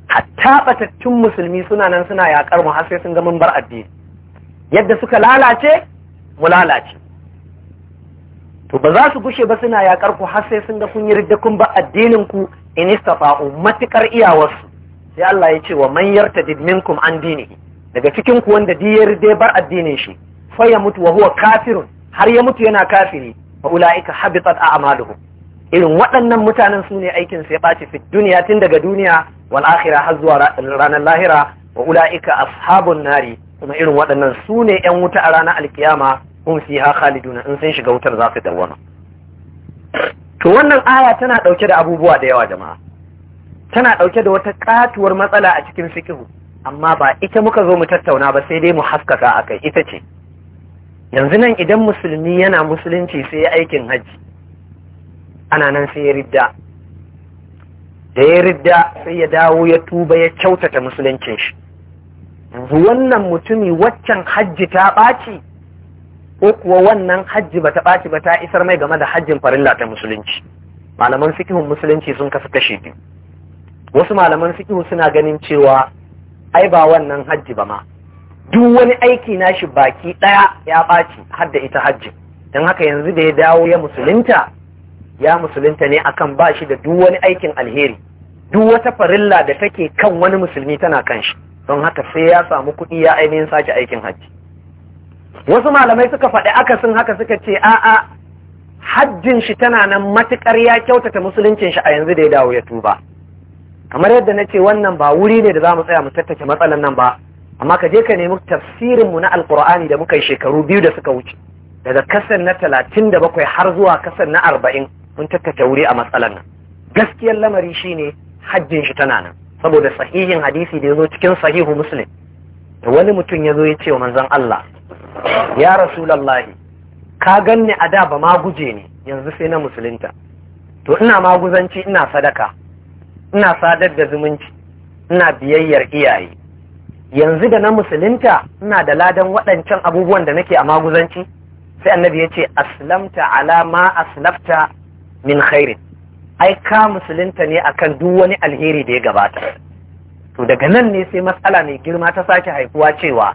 hatta batattun musulmi suna nan suna yakar mu har sai sun ga mun bar addini yadda suka lalace mu lalace to ba za su gushe ba suna yakar ku har sai sun ga kun yi riddakun ba addinin ku in istafa'u matukar iyawarsu sai Allah ya ce wa man yartadid minkum an dinihi daga cikin ku wanda diyar dai bar addinin shi fa ya mutu wa huwa kafirun har ya mutu yana kafiri fa ulaika habitat a'maluhum irin waɗannan mutanen su ne aikin sai ɓaci fit duniya tun daga duniya wal akhirah har zuwa ranar lahira wa ulaika ashabun nari kuma irin waɗannan su ne yan wuta a ranar alkiyama hum fiha khaliduna in sun shiga wutar za su dawwama to wannan aya tana ɗauke da abubuwa da yawa jama'a tana ɗauke da wata katuwar matsala a cikin fikihu amma ba ita muka zo mu tattauna ba sai dai mu haskaka akai ita ce yanzu nan idan musulmi yana musulunci sai ya aikin hajji ana nan sai ya ridda da ya ridda sai ya dawo ya tuba ya kyautata musuluncin shi wannan mutumi waccan hajji ta ɓaci ko kuwa wannan hajji ba ta ɓaci ba ta isar mai game da hajjin farilla ta musulunci malaman fikihun musulunci sun kasu kashe biyu wasu malaman fikihu suna ganin cewa ai ba wannan hajji ba ma duk wani aiki nashi baki ɗaya ya ɓaci har da ita hajji don haka yanzu da ya dawo ya musulunta ya musulunta ne akan ba shi da duk wani aikin alheri duk wata farilla da take kan wani musulmi tana kan shi don haka sai ya samu kuɗi ya ainihin sake aikin hajji wasu malamai suka faɗi akasin haka suka ce a'a hajjin shi tana nan matukar ya kyautata musuluncin shi a yanzu da ya dawo ya tuba kamar yadda na ce wannan ba wuri ne da za mu tsaya mu tattace matsalan nan ba amma ka je ka nemi tafsirin mu na alkur'ani da muka yi shekaru biyu da suka wuce daga kasan na talatin da bakwai har zuwa kasan na arba'in mun tattata wuri a matsalar nan gaskiyar lamari shine hajjin shi tana nan saboda sahihin hadisi da ya zo cikin sahihu muslim da wani mutum ya zo ya ce wa manzon Allah ya rasulullahi ka ganni a da ba maguje ne yanzu sai na musulunta to ina maguzanci ina sadaka ina sadar da zumunci ina biyayyar iyaye yanzu da na musulunta ina da ladan waɗancan abubuwan da nake a maguzanci sai annabi ya ce aslamta ala ma aslafta min khairi, ai ka musulunta ne akan duk wani alheri da ya gabata to daga nan ne sai matsala mai girma ta sake haifuwa cewa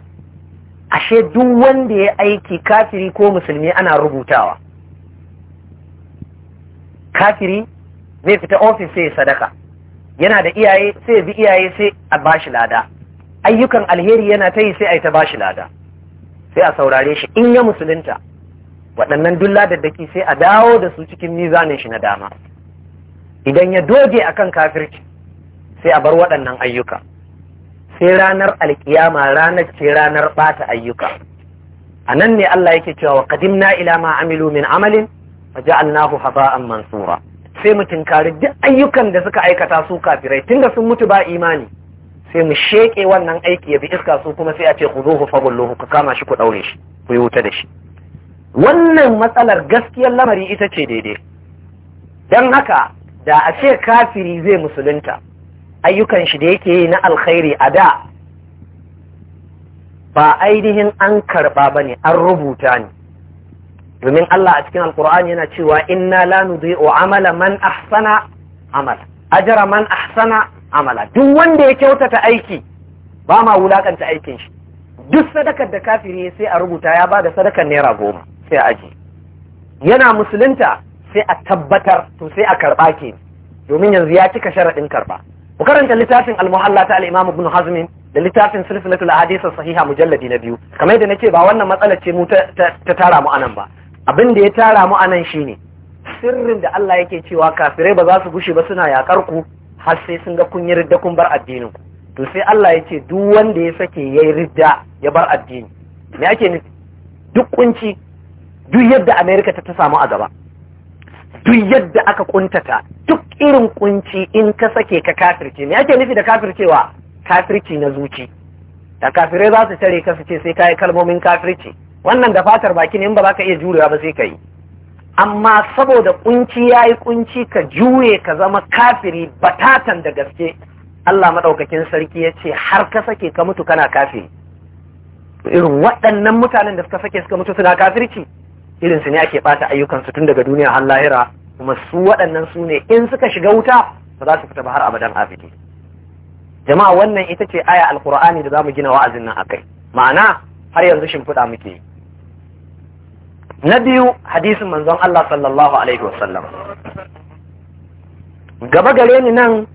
ashe duk wanda ya aiki kafiri ko musulmi ana rubutawa kafiri zai fita ofis sai sadaka yana da iyaye sai bi iyaye sai a bashi lada ayyukan alheri yana ta yi sai a yi ta bashi lada sai a saurare shi in ya musulunta waɗannan dulla da daki sai a dawo da su cikin mizanin shi na dama idan ya doge a kan kafirci sai a bar waɗannan ayyuka sai ranar alkiyama ranar ce ranar ɓata ayyuka a nan ne Allah yake cewa wa qadimna ila ma amilu min amalin wa ja'alnahu haba'an mansura sai mu tinkari duk ayyukan da suka aikata su kafirai tunda sun mutu ba imani sai mu sheke wannan aiki ya bi iska su kuma sai a ce ku fagulluhu ku kama shi ku daure shi ku yi wuta da shi wannan matsalar gaskiyar lamari ita ce daidai don haka da a ce kafiri zai musulunta ayyukan shi da yake yi na alkhairi a da ba ainihin an karɓa ba ne an rubuta ne domin Allah a cikin alkur'ani yana cewa inna la nudhi'u amala man ahsana amala ajra man ahsana amala duk wanda ya kyautata aiki ba ma wulakanta aikin shi duk sadakar da kafiri sai a rubuta ya ba da sadakar naira goma sai a ji yana musulunta sai a tabbatar to sai a karɓa ke domin yanzu ya cika sharaɗin karɓa ku karanta littafin al-muhalla ta al ibn hazm da littafin silsilatul ahadith sahiha mujalladi na biyu kamar yadda nake ba wannan matsalar ce mu ta tara mu anan ba abin da ya tara mu anan shine sirrin da Allah yake cewa kafirai ba za su gushe ba suna yakar ku har sai sun ga kun yi ridda kun bar addinin ku to sai Allah ya ce duk wanda ya sake yayi ridda ya bar addini me ake nufi duk kunci duk yadda amerika ta ta samu a gaba duk yadda aka kuntata duk irin kunci in ka sake ka kafirce me ake nufi da kafircewa kafirci na zuci da kafirai za su tare ka su ce sai kayi kalmomin kafirci wannan da fatar baki ne in ba za ka iya jurewa ba sai ka yi amma saboda kunci ya yi kunci ka juye ka zama kafiri batatan da gaske Allah maɗaukakin sarki ya ce har ka sake ka mutu kana kafiri irin waɗannan mutanen da suka sake suka mutu suna kafirci irinsu ne ake ɓata ayyukansu tun daga duniya har lahira kuma su waɗannan su ne in suka shiga wuta ba za su fita ba har abadan abidi jama'a wannan ita ce aya alkur'ani da za mu gina wa'azin nan akai ma'ana har yanzu shimfiɗa muke na biyu hadisin manzon Allah sallallahu alaihi wasallam gaba gare ni nan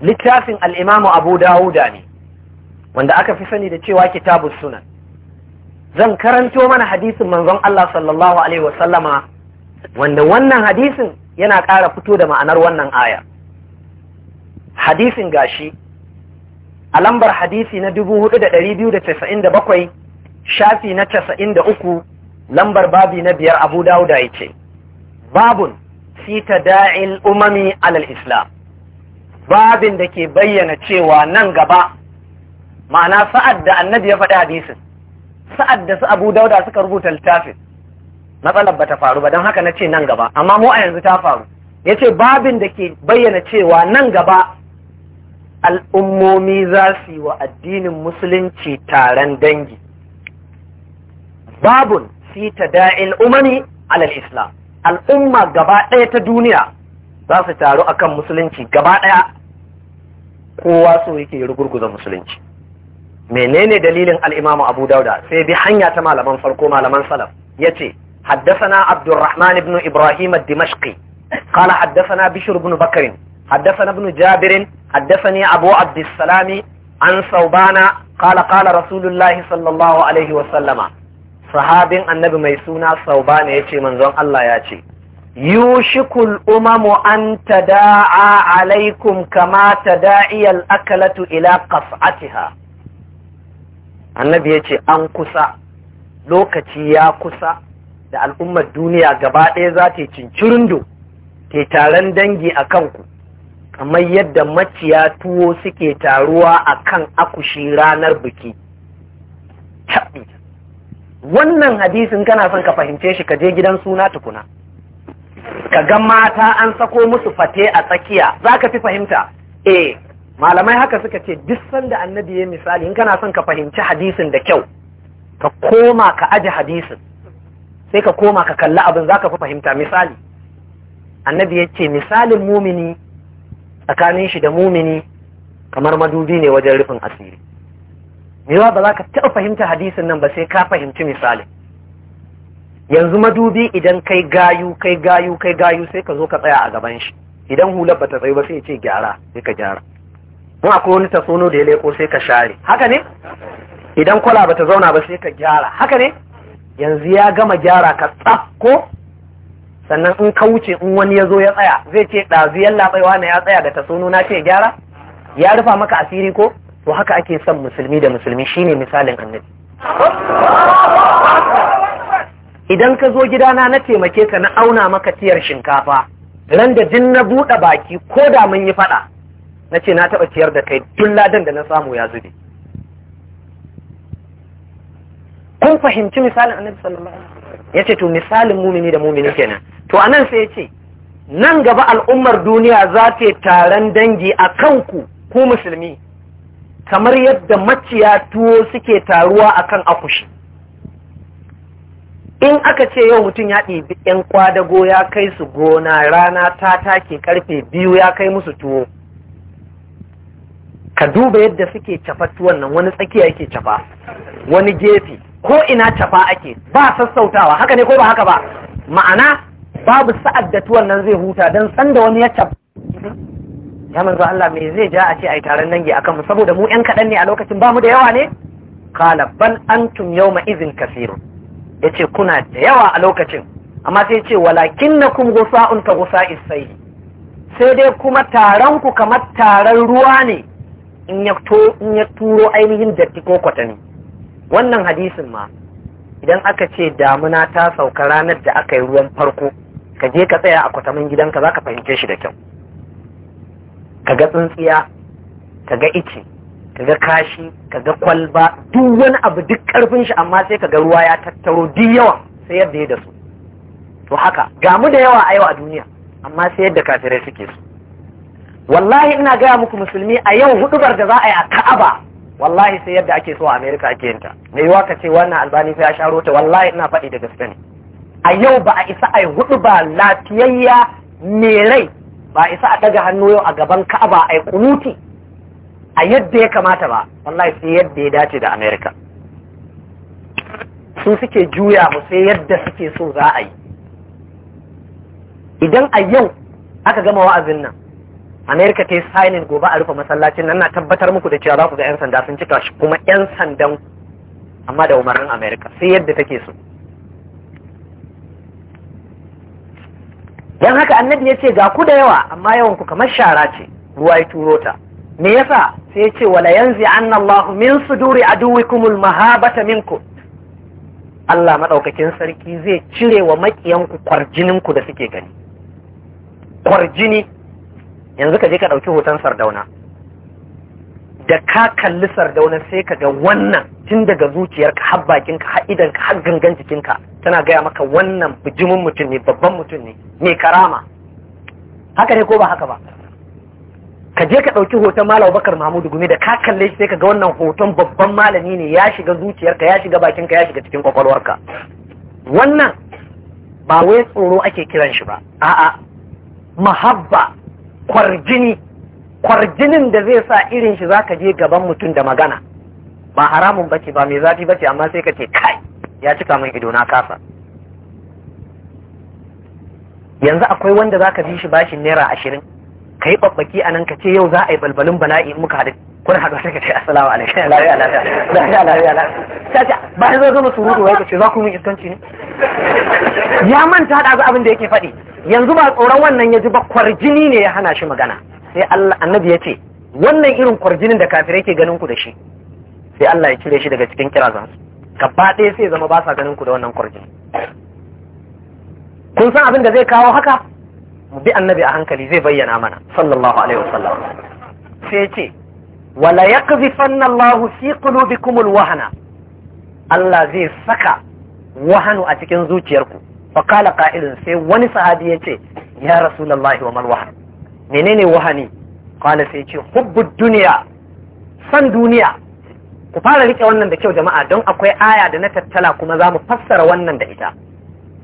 littafin al'imamu abu dawuda ne wanda aka fi sani da cewa kitabus sunan zan karanto mana hadisin manzon Allah sallallahu alaihi wasallama wanda wannan hadisin yana ƙara fito da ma'anar wannan aya hadisin gashi a lambar hadisi na bakwai, shafi na casa'in da uku, lambar babi na biyar abu Dawuda ya ce babun sita da'il umami alal islam babin da ke bayyana cewa nan gaba ma'ana sa'ad da annabi ya faɗi hadisin sa'ad da su abu dauda suka rubuta littafin matsalar ba ta faru ba don haka na ce nan gaba amma mu a yanzu ta faru ya ce babin da ke bayyana cewa nan gaba al'ummomi za su yi wa addinin musulunci taron dangi babun fi ta da'il umani alal islam al'umma gaba ɗaya ta duniya za su taru akan musulunci gaba ɗaya kowa so yake rugurguza musulunci menene dalilin al-Imam Abu Dauda sai bi hanya ta malaman farko malaman salaf yace haddathana Abdurrahman ibn Ibrahim ad-Dimashqi qala haddathana Bishr ibn Bakr haddathana ibn Jabir haddathani Abu Abd an Saubana qala qala sallallahu alaihi wa sallama sahabin annabi mai suna Saubana yace manzon Allah yace yushikul umamu an tadaa alaikum kamata tadaiyal akalatu ila qas'atiha annabi ya ce an kusa lokaci ya kusa da al'ummar duniya gaba ɗaya za ta yi cincirindo ke taron dangi a kanku kamar yadda maciya tuwo suke taruwa a kan akushi ranar biki wannan hadisin kana son ka fahimce shi ka je gidan suna tukuna ka ga mata an sako musu fate a tsakiya za ka fi fahimta eh malamai haka suka ce duk sanda annabi ya misali in kana son ka fahimci hadisin da kyau ka koma ka aji hadisin sai ka koma ka kalli abin zaka fi fahimta misali annabi ya ce misalin mumini tsakanin shi da mumini kamar madubi ne wajen rufin asiri yawa ba za ka taɓa fahimta hadisin nan ba sai ka fahimci misalin yanzu madubi idan kai gayu kai gayu kai gayu sai ka zo ka tsaya a gaban shi idan hular ba ta tsaye ba sai ya ce gyara sai ka gyara in akwai wani tatsuno da ya leko sai ka share haka ne idan kwala ta zauna ba sai ka gyara haka ne yanzu ya gama gyara ka tsaf ko sannan in ka wuce in wani ya zo ya tsaya zai ce yalla laɓaiwa na ya tsaya da tatsuno na ce gyara ya rufa maka asiri ko to haka ake son musulmi da musulmi shine misalin annabi idan ka zo gidana na taimake ka na auna maka tiyar shinkafa ran da jin na buɗe baki ko da mun yi faɗa na ce na taɓa ciyar da kai tun ladan da na samu ya zube kun fahimci misalin annabi sallallahu alaihi ya ce to misalin mumini da mumini kenan to anan sai ya ce nan gaba al'ummar duniya za ta yi taron dangi a kanku ku musulmi kamar yadda maciya tuwo suke taruwa a kan akushi in aka ce yau mutum ya ɗibi 'yan kwadago ya kai su gona rana ta take karfe biyu ya kai musu tuwo ka duba yadda suke cafatu wannan wani tsakiya yake cafa wani gefe ko ina cafa ake ba sassautawa haka ne ko ba haka ba ma'ana babu sa'ad da tuwan nan zai huta don sanda wani ya cafa ya manzo Allah me zai ja a ce ai taron dangi akan mu saboda mu ƴan kaɗan ne a lokacin ba mu da yawa ne qala bal antum yawma idhin kaseer yace kuna da yawa a lokacin amma sai yace walakinnakum ghusaa'un ka ghusaa'is sayyi sai dai kuma taron ku kamar taron ruwa ne in ya turo ainihin datti ko kwatani wannan hadisin ma idan aka ce damuna ta sauka ranar da aka yi ruwan farko ka je ka tsaya a kwatamin gidanka za ka fahimce shi da kyau ka ga tsintsiya ka ga ice ka ga kashi ka ga kwalba duk wani abu duk karfin shi amma sai ka ga ruwa ya tattaro duk yawa sai yadda ya da su to haka gamu da yawa a yau a duniya amma sai yadda kafirai suke su wallahi ina gaya muku musulmi a yau hudubar da za a yi a ka'aba wallahi sai yadda ake so a Amerika ake yinta mai yiwa ka ce wannan albani sai ya sharo ta wallahi ina faɗi da gaske ne a yau ba a isa a yi ba lafiyayya mai rai ba isa a daga hannu yau a gaban ka'aba a yi kunuti a yadda ya kamata ba wallahi sai yadda ya dace da Amerika. su suke juya mu sai yadda suke so za a yi idan a yau aka gama wa'azin nan Amerika ta yi signing gobe a rufe masallacin nan na tabbatar muku da cewa za ku ga yan sanda sun cika shi kuma yan sandan amma da umarnin Amerika sai yadda take so don haka annabi ya ce ga ku da yawa amma yawan ku kamar shara ce ruwa ya turo ta me yasa sai ya ce wala yanzi anna Allah min suduri aduwikumul mahabata minku? Allah maɗaukakin sarki zai cire wa maƙiyanku kwarjininku da suke gani. Kwarjini yanzu ka je ka ɗauki hoton sardauna da ka kalli sardauna sai ka ga wannan tun daga zuciyarka har bakinka har idanka har gangan jikinka tana gaya maka wannan bijimin mutum ne babban mutum ne mai karama haka ne ko ba haka ba ka je ka ɗauki hoton malam bakar mahmudu gumi da ka kalle shi sai ka ga wannan hoton babban malami ne ya shiga zuciyarka ya shiga bakinka ya shiga cikin kwakwalwarka wannan ba wai tsoro ake kiran shi ba a'a mahabba kwarjini kwarjinin da zai sa irin shi zaka je gaban mutum da magana ba haramun ba ce ba mai zafi bace amma sai ka ce kai ya cika min ido na kasa yanzu akwai wanda zaka bi shi bashin naira ashirin ka yi babbaki a nan ka ce yau za a yi balbalin bala'i muka haɗu Wani haɗu sai ka ce assalamu alaikum lafiya lafiya lafiya lafiya lafiya ta ba ya zo gama surutu wai ka ce za ku min iskanci ne ya manta da abin da yake faɗi yanzu ba tsoron wannan ya ji ba kwarjini ne ya hana shi magana sai Allah annabi ya ce wannan irin kwarjinin da kafirai ke ganin ku da shi sai Allah ya cire shi daga cikin kirazansu gaba ɗaya sai zama ba sa ganin ku da wannan kwarjini kun san abin da zai kawo haka mu bi annabi a hankali zai bayyana mana sallallahu alaihi wasallam sai ce wala yaqzifanna Allahu fi qulubikumul wahana Allah zai saka wahanu a cikin zuciyarku fa kala qa'ilun sai wani sahabi ce ya rasulullahi wa mal menene wahani qala sai ce hubbu duniya, san duniya ku fara riƙe wannan da kyau jama'a don akwai aya da na tattala kuma za mu fassara wannan da ita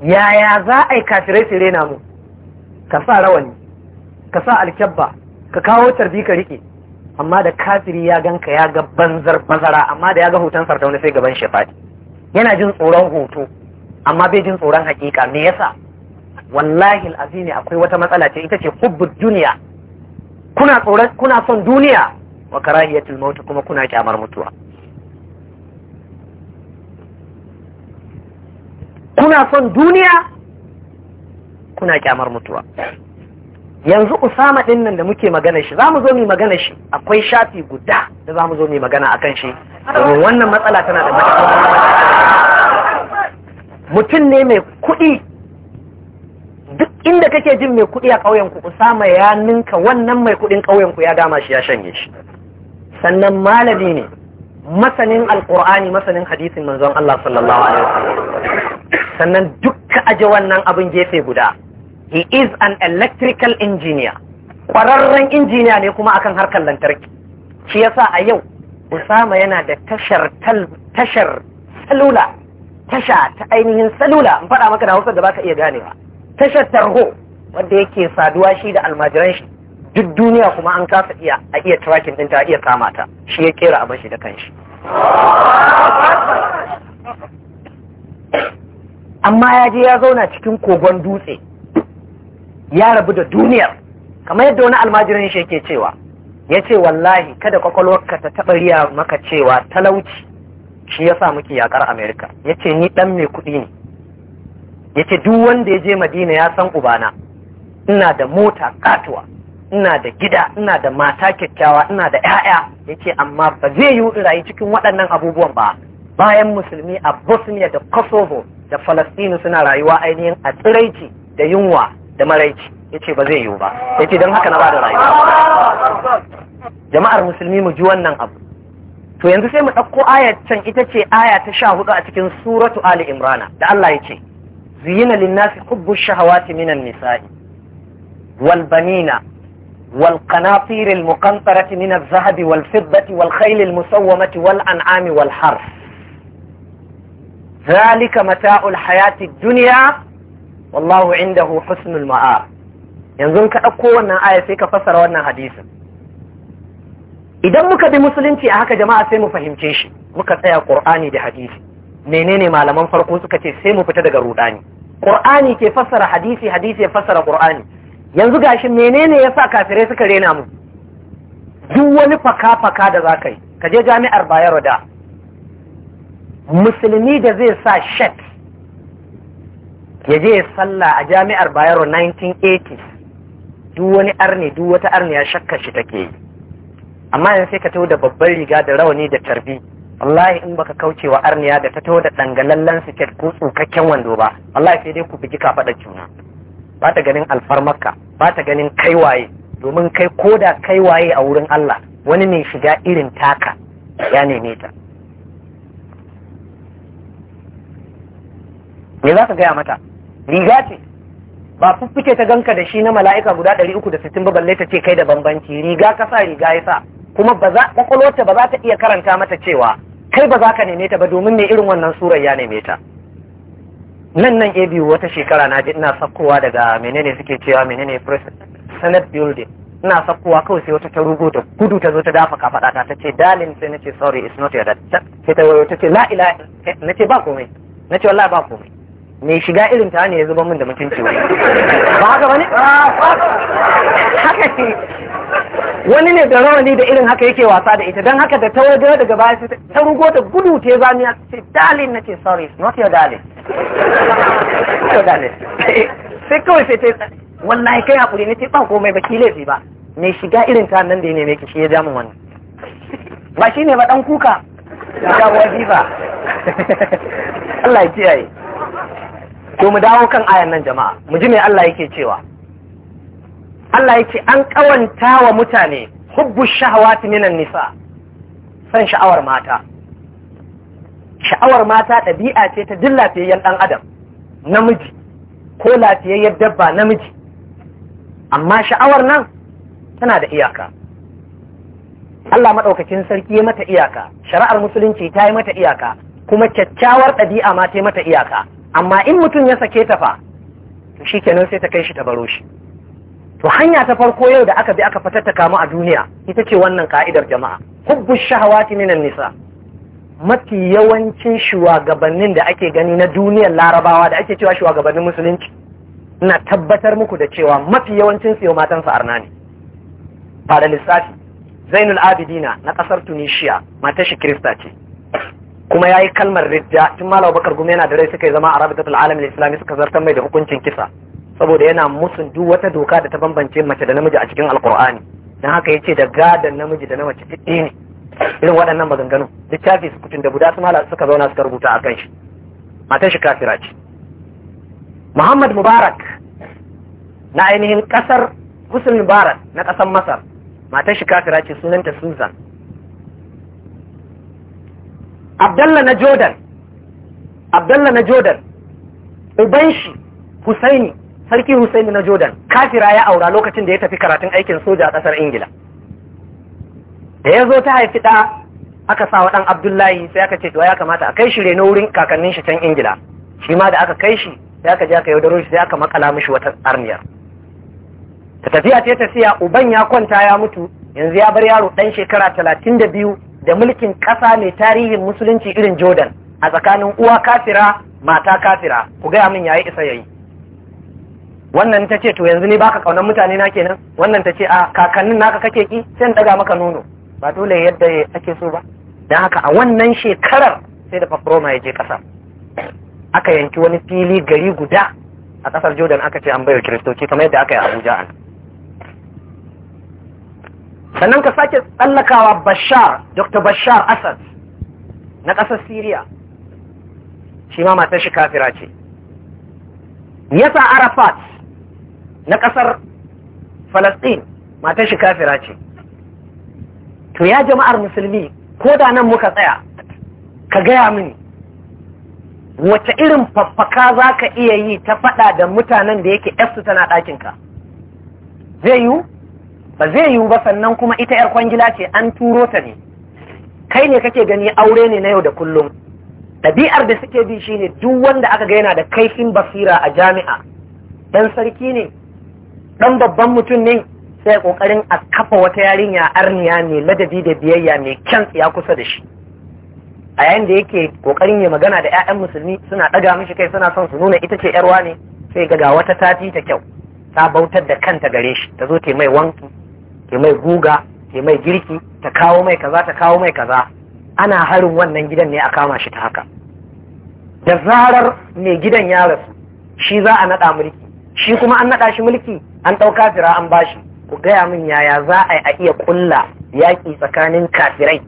yaya za a yi kafirai su rena mu ka sa rawani ka sa alkyabba ka kawo tarbi ka rike amma da kafiri ya gan ka ya ga banzar bazara amma da ya ga hoton wani sai gaban shi yana jin tsoron hoto amma bai jin tsoron hakika me yasa wallahi alazimi akwai wata matsala ce ita ce hubbud duniya kuna tsoron kuna son duniya wa karahiyatul maut kuma kuna kyamar mutuwa kuna son duniya kuna kyamar mutuwa yanzu usama din nan da muke magana shi zamu zo mu magana shi akwai shafi guda da zamu zo mu magana akan shi domin wannan matsala tana da mutum ne mai kuɗi duk inda kake jin mai kuɗi a ƙauyen ku usama ya ninka wannan mai kuɗin ƙauyen ku ya dama shi ya shanye shi sannan malami ne masanin alkur'ani masanin hadisin manzon Allah sallallahu alaihi wasallam sannan ka aje wannan abin gefe guda he is an electrical engineer ƙwararren injiniya ne kuma akan harkar lantarki shi yasa a yau usama yana da tashar tashar salula tasha ta ainihin salula in faɗa maka da hausa da baka iya ganewa tashar tarho wanda yake saduwa shi da almajiran shi duk duniya kuma an kasa iya a iya tracking din ta iya kama ta shi ya kera a shi da kanshi amma ya je ya zauna cikin kogon dutse ya rabu da duniyar kamar yadda wani almajirin shi yake cewa ya ce wallahi kada kwakwalwarka ta taɓa riya maka cewa talauci shi ya sa muke yakar amerika ya ce ni ɗan mai kuɗi ne ya ce duk wanda ya je madina ya san ubana ina da mota katuwa ina da gida ina da mata kyakkyawa ina da 'ya'ya ya ce amma ba zai yi rayu cikin waɗannan abubuwan ba bayan musulmi a bosnia da kosovo da falastini suna rayuwa ainihin a tsiraici da yunwa da maraici yace ba zai yiwu ba yace don haka na bada rayuwa jama'ar musulmi mu ji wannan abu to yanzu sai mu ɗauko ayar can ita ce aya ta sha hudu a cikin suratu ali imrana da Allah ya ce ziyina linnasi hubbu shahawati minan nisa'i wal banina wal qanatir al muqantarati min al zahabi wal fiddati wal khayl al musawwamati wal an'ami wal harf zalika mata'ul hayati duniya. wallahu indahu husnul ma'a yanzu ka ɗauko wannan aya sai ka fassara wannan hadisin idan muka bi musulunci a haka jama'a sai mu fahimce shi muka tsaya qur'ani da hadisi menene malaman farko suka ce sai mu fita daga rudani qur'ani ke fassara hadisi hadisi ya fassara qur'ani yanzu gashi menene yasa kafirai suka rena mu duk wani faka-faka da za ka je jami'ar bayero da musulmi da zai sa shet ya je ya sallah a jami'ar bayero 1980 duk wani arni duk wata arniya shakka shi take yi amma yanzu sai ka tau da babban riga da rawani da tarbi wallahi in baka kauce wa arniya da ta tau da dangalallen siket ko tsukakken wando ba wallahi sai dai ku ka faɗa juna ba ta ganin alfarmarka ba ta ganin kaiwaye domin kai koda kaiwaye a wurin Allah wani mai shiga irin taka ya neme ta me za ka gaya mata riga ce ba fuffuke ta ganka da shi na mala'ika guda ɗari uku da sittin ba balle ta ce kai da bambanci riga ka sa riga ya sa kuma ba za kwakwalwarta ba za ta iya karanta mata cewa kai ba za ka neme ta ba domin ne irin wannan surar ya neme ta nan nan a biyu wata shekara na ji ina sakkowa daga menene suke cewa menene senate building ina sakkowa kawai sai wata ta rugo da gudu ta zo ta dafa kafaɗata ta ce darling sai na ce sorry it's not your dad sai ta wayo ta ce la na ce ba komai na ce wallahi ba komai mai shiga irin ta ne ya zuba min da mutunci wani ba haka bane haka ne wani ne da rawani da irin haka yake wasa da ita don haka da ta daga baya ta rugo ta gudu ta zami ya ce darling na ce sorry not your darling your darling sai kawai sai ta wallahi kai hakuri ne ce ba komai ba ki laifi ba mai shiga irin ta nan da ya neme kishi shi ya ja wani. ba shi ne ba dan kuka ya wajiba Allah ya kiyaye to mu dawo kan ayan nan jama'a mu ji me Allah yake cewa Allah yake an kawanta wa mutane hubbu shahawati minan nisa san sha'awar mata sha'awar mata ɗabi'a ce ta duk lafiyayyen ɗan adam namiji ko lafiyayyen dabba namiji amma sha'awar nan tana da iyaka Allah maɗaukakin sarki ya mata iyaka shari'ar musulunci ta yi mata iyaka kuma kyakkyawar ɗabi'a ma ta yi mata iyaka amma in mutum ya sake ta fa to shikenan sai ta kai shi ta baro shi to hanya ta farko yau da aka bi aka fitar ta kamu a duniya ita ce wannan ka'idar jama'a hubbu shahawati minan nisa mafi yawancin shugabannin da ake gani na duniyar larabawa da ake cewa shugabannin musulunci ina tabbatar muku da cewa mafi yawancin su matansa arna ne ba da lissafi zainul abidina na kasar tunisia matar shi kirista ce kuma yayi kalmar ridda tun malam bakar gumi yana da rai suka yi zama a rabitatul alamin islami suka zartar mai da hukuncin kisa saboda yana musun duk wata doka da ta bambance mace da namiji a cikin alkur'ani dan haka yace da gadan namiji da na mace duk ne irin waɗannan maganganu littafi su kutun da guda su malam suka zauna suka rubuta a kan shi matan shi kafira ce muhammad mubarak na ainihin kasar husn mubarak na kasar masar matan shi kafira ce sunanta susan abdalla na jordan abdalla na jordan uban shi husaini sarki husaini na jordan kafira ya aura lokacin da ya tafi karatun aikin soja a ƙasar ingila da ya zo ta haifi ɗa aka sa wa ɗan abdullahi sai aka ce ya kamata a kai shi reno wurin kakannin shi can ingila shi ma da aka kai shi sai aka je aka yaudaro shi sai aka makala mishi wata tsarniyar. ta tafiya ce tafiya uban ya kwanta ya mutu yanzu ya bar yaro ɗan shekara talatin da biyu da mulkin ƙasa mai tarihin musulunci irin Jordan a tsakanin uwa kafira mata kafira ku gaya min yayi isa yayi wannan ta ce to yanzu ni baka kaunar mutane na kenan wannan ta ce a kakannin naka kake ki sai daga maka nono ba dole yadda ake so ba dan haka a wannan shekarar sai da fafroma ya je ƙasar aka yanki wani fili gari guda a ƙasar Jordan aka ce an bayo kiristoci kamar yadda aka yi Abuja an sannan ka sake tsallakawa bashar dr bashar asad na ƙasar syria shi ma matar shi kafira ce yasa arafat na ƙasar falastin matar shi kafira ce to ya jama'ar musulmi ko da nan muka tsaya ka gaya mini wace irin faffaka za ka iya yi ta faɗa da mutanen da yake su tana ɗakinka zai yiwu ba zai yiwu ba sannan kuma ita yar kwangila ce an turo ta ne kai ne kake gani aure ne na yau da kullum ɗabi'ar da suke bi shine duk wanda aka ga yana da kaifin basira a jami'a dan sarki ne ɗan babban mutum ne sai ƙoƙarin a kafa wata yarinya arniya ne ladabi da biyayya mai kyan ya kusa da shi a yayin da yake ƙoƙarin ya magana da 'ya'yan musulmi suna ɗaga mishi kai suna son su nuna ita ce yarwa ne sai ga ga wata tati ta kyau ta bautar da kanta gare shi ta zo ta mai wanki ke mai guga ke mai girki ta kawo mai kaza ta kawo mai kaza ana harin wannan gidan ne a kama shi ta haka da zarar mai gidan ya rasu shi za a naɗa mulki shi kuma an naɗa shi mulki an ɗauka jira an bashi ku gaya min yaya za a yi a iya kulla yaƙi tsakanin kafirai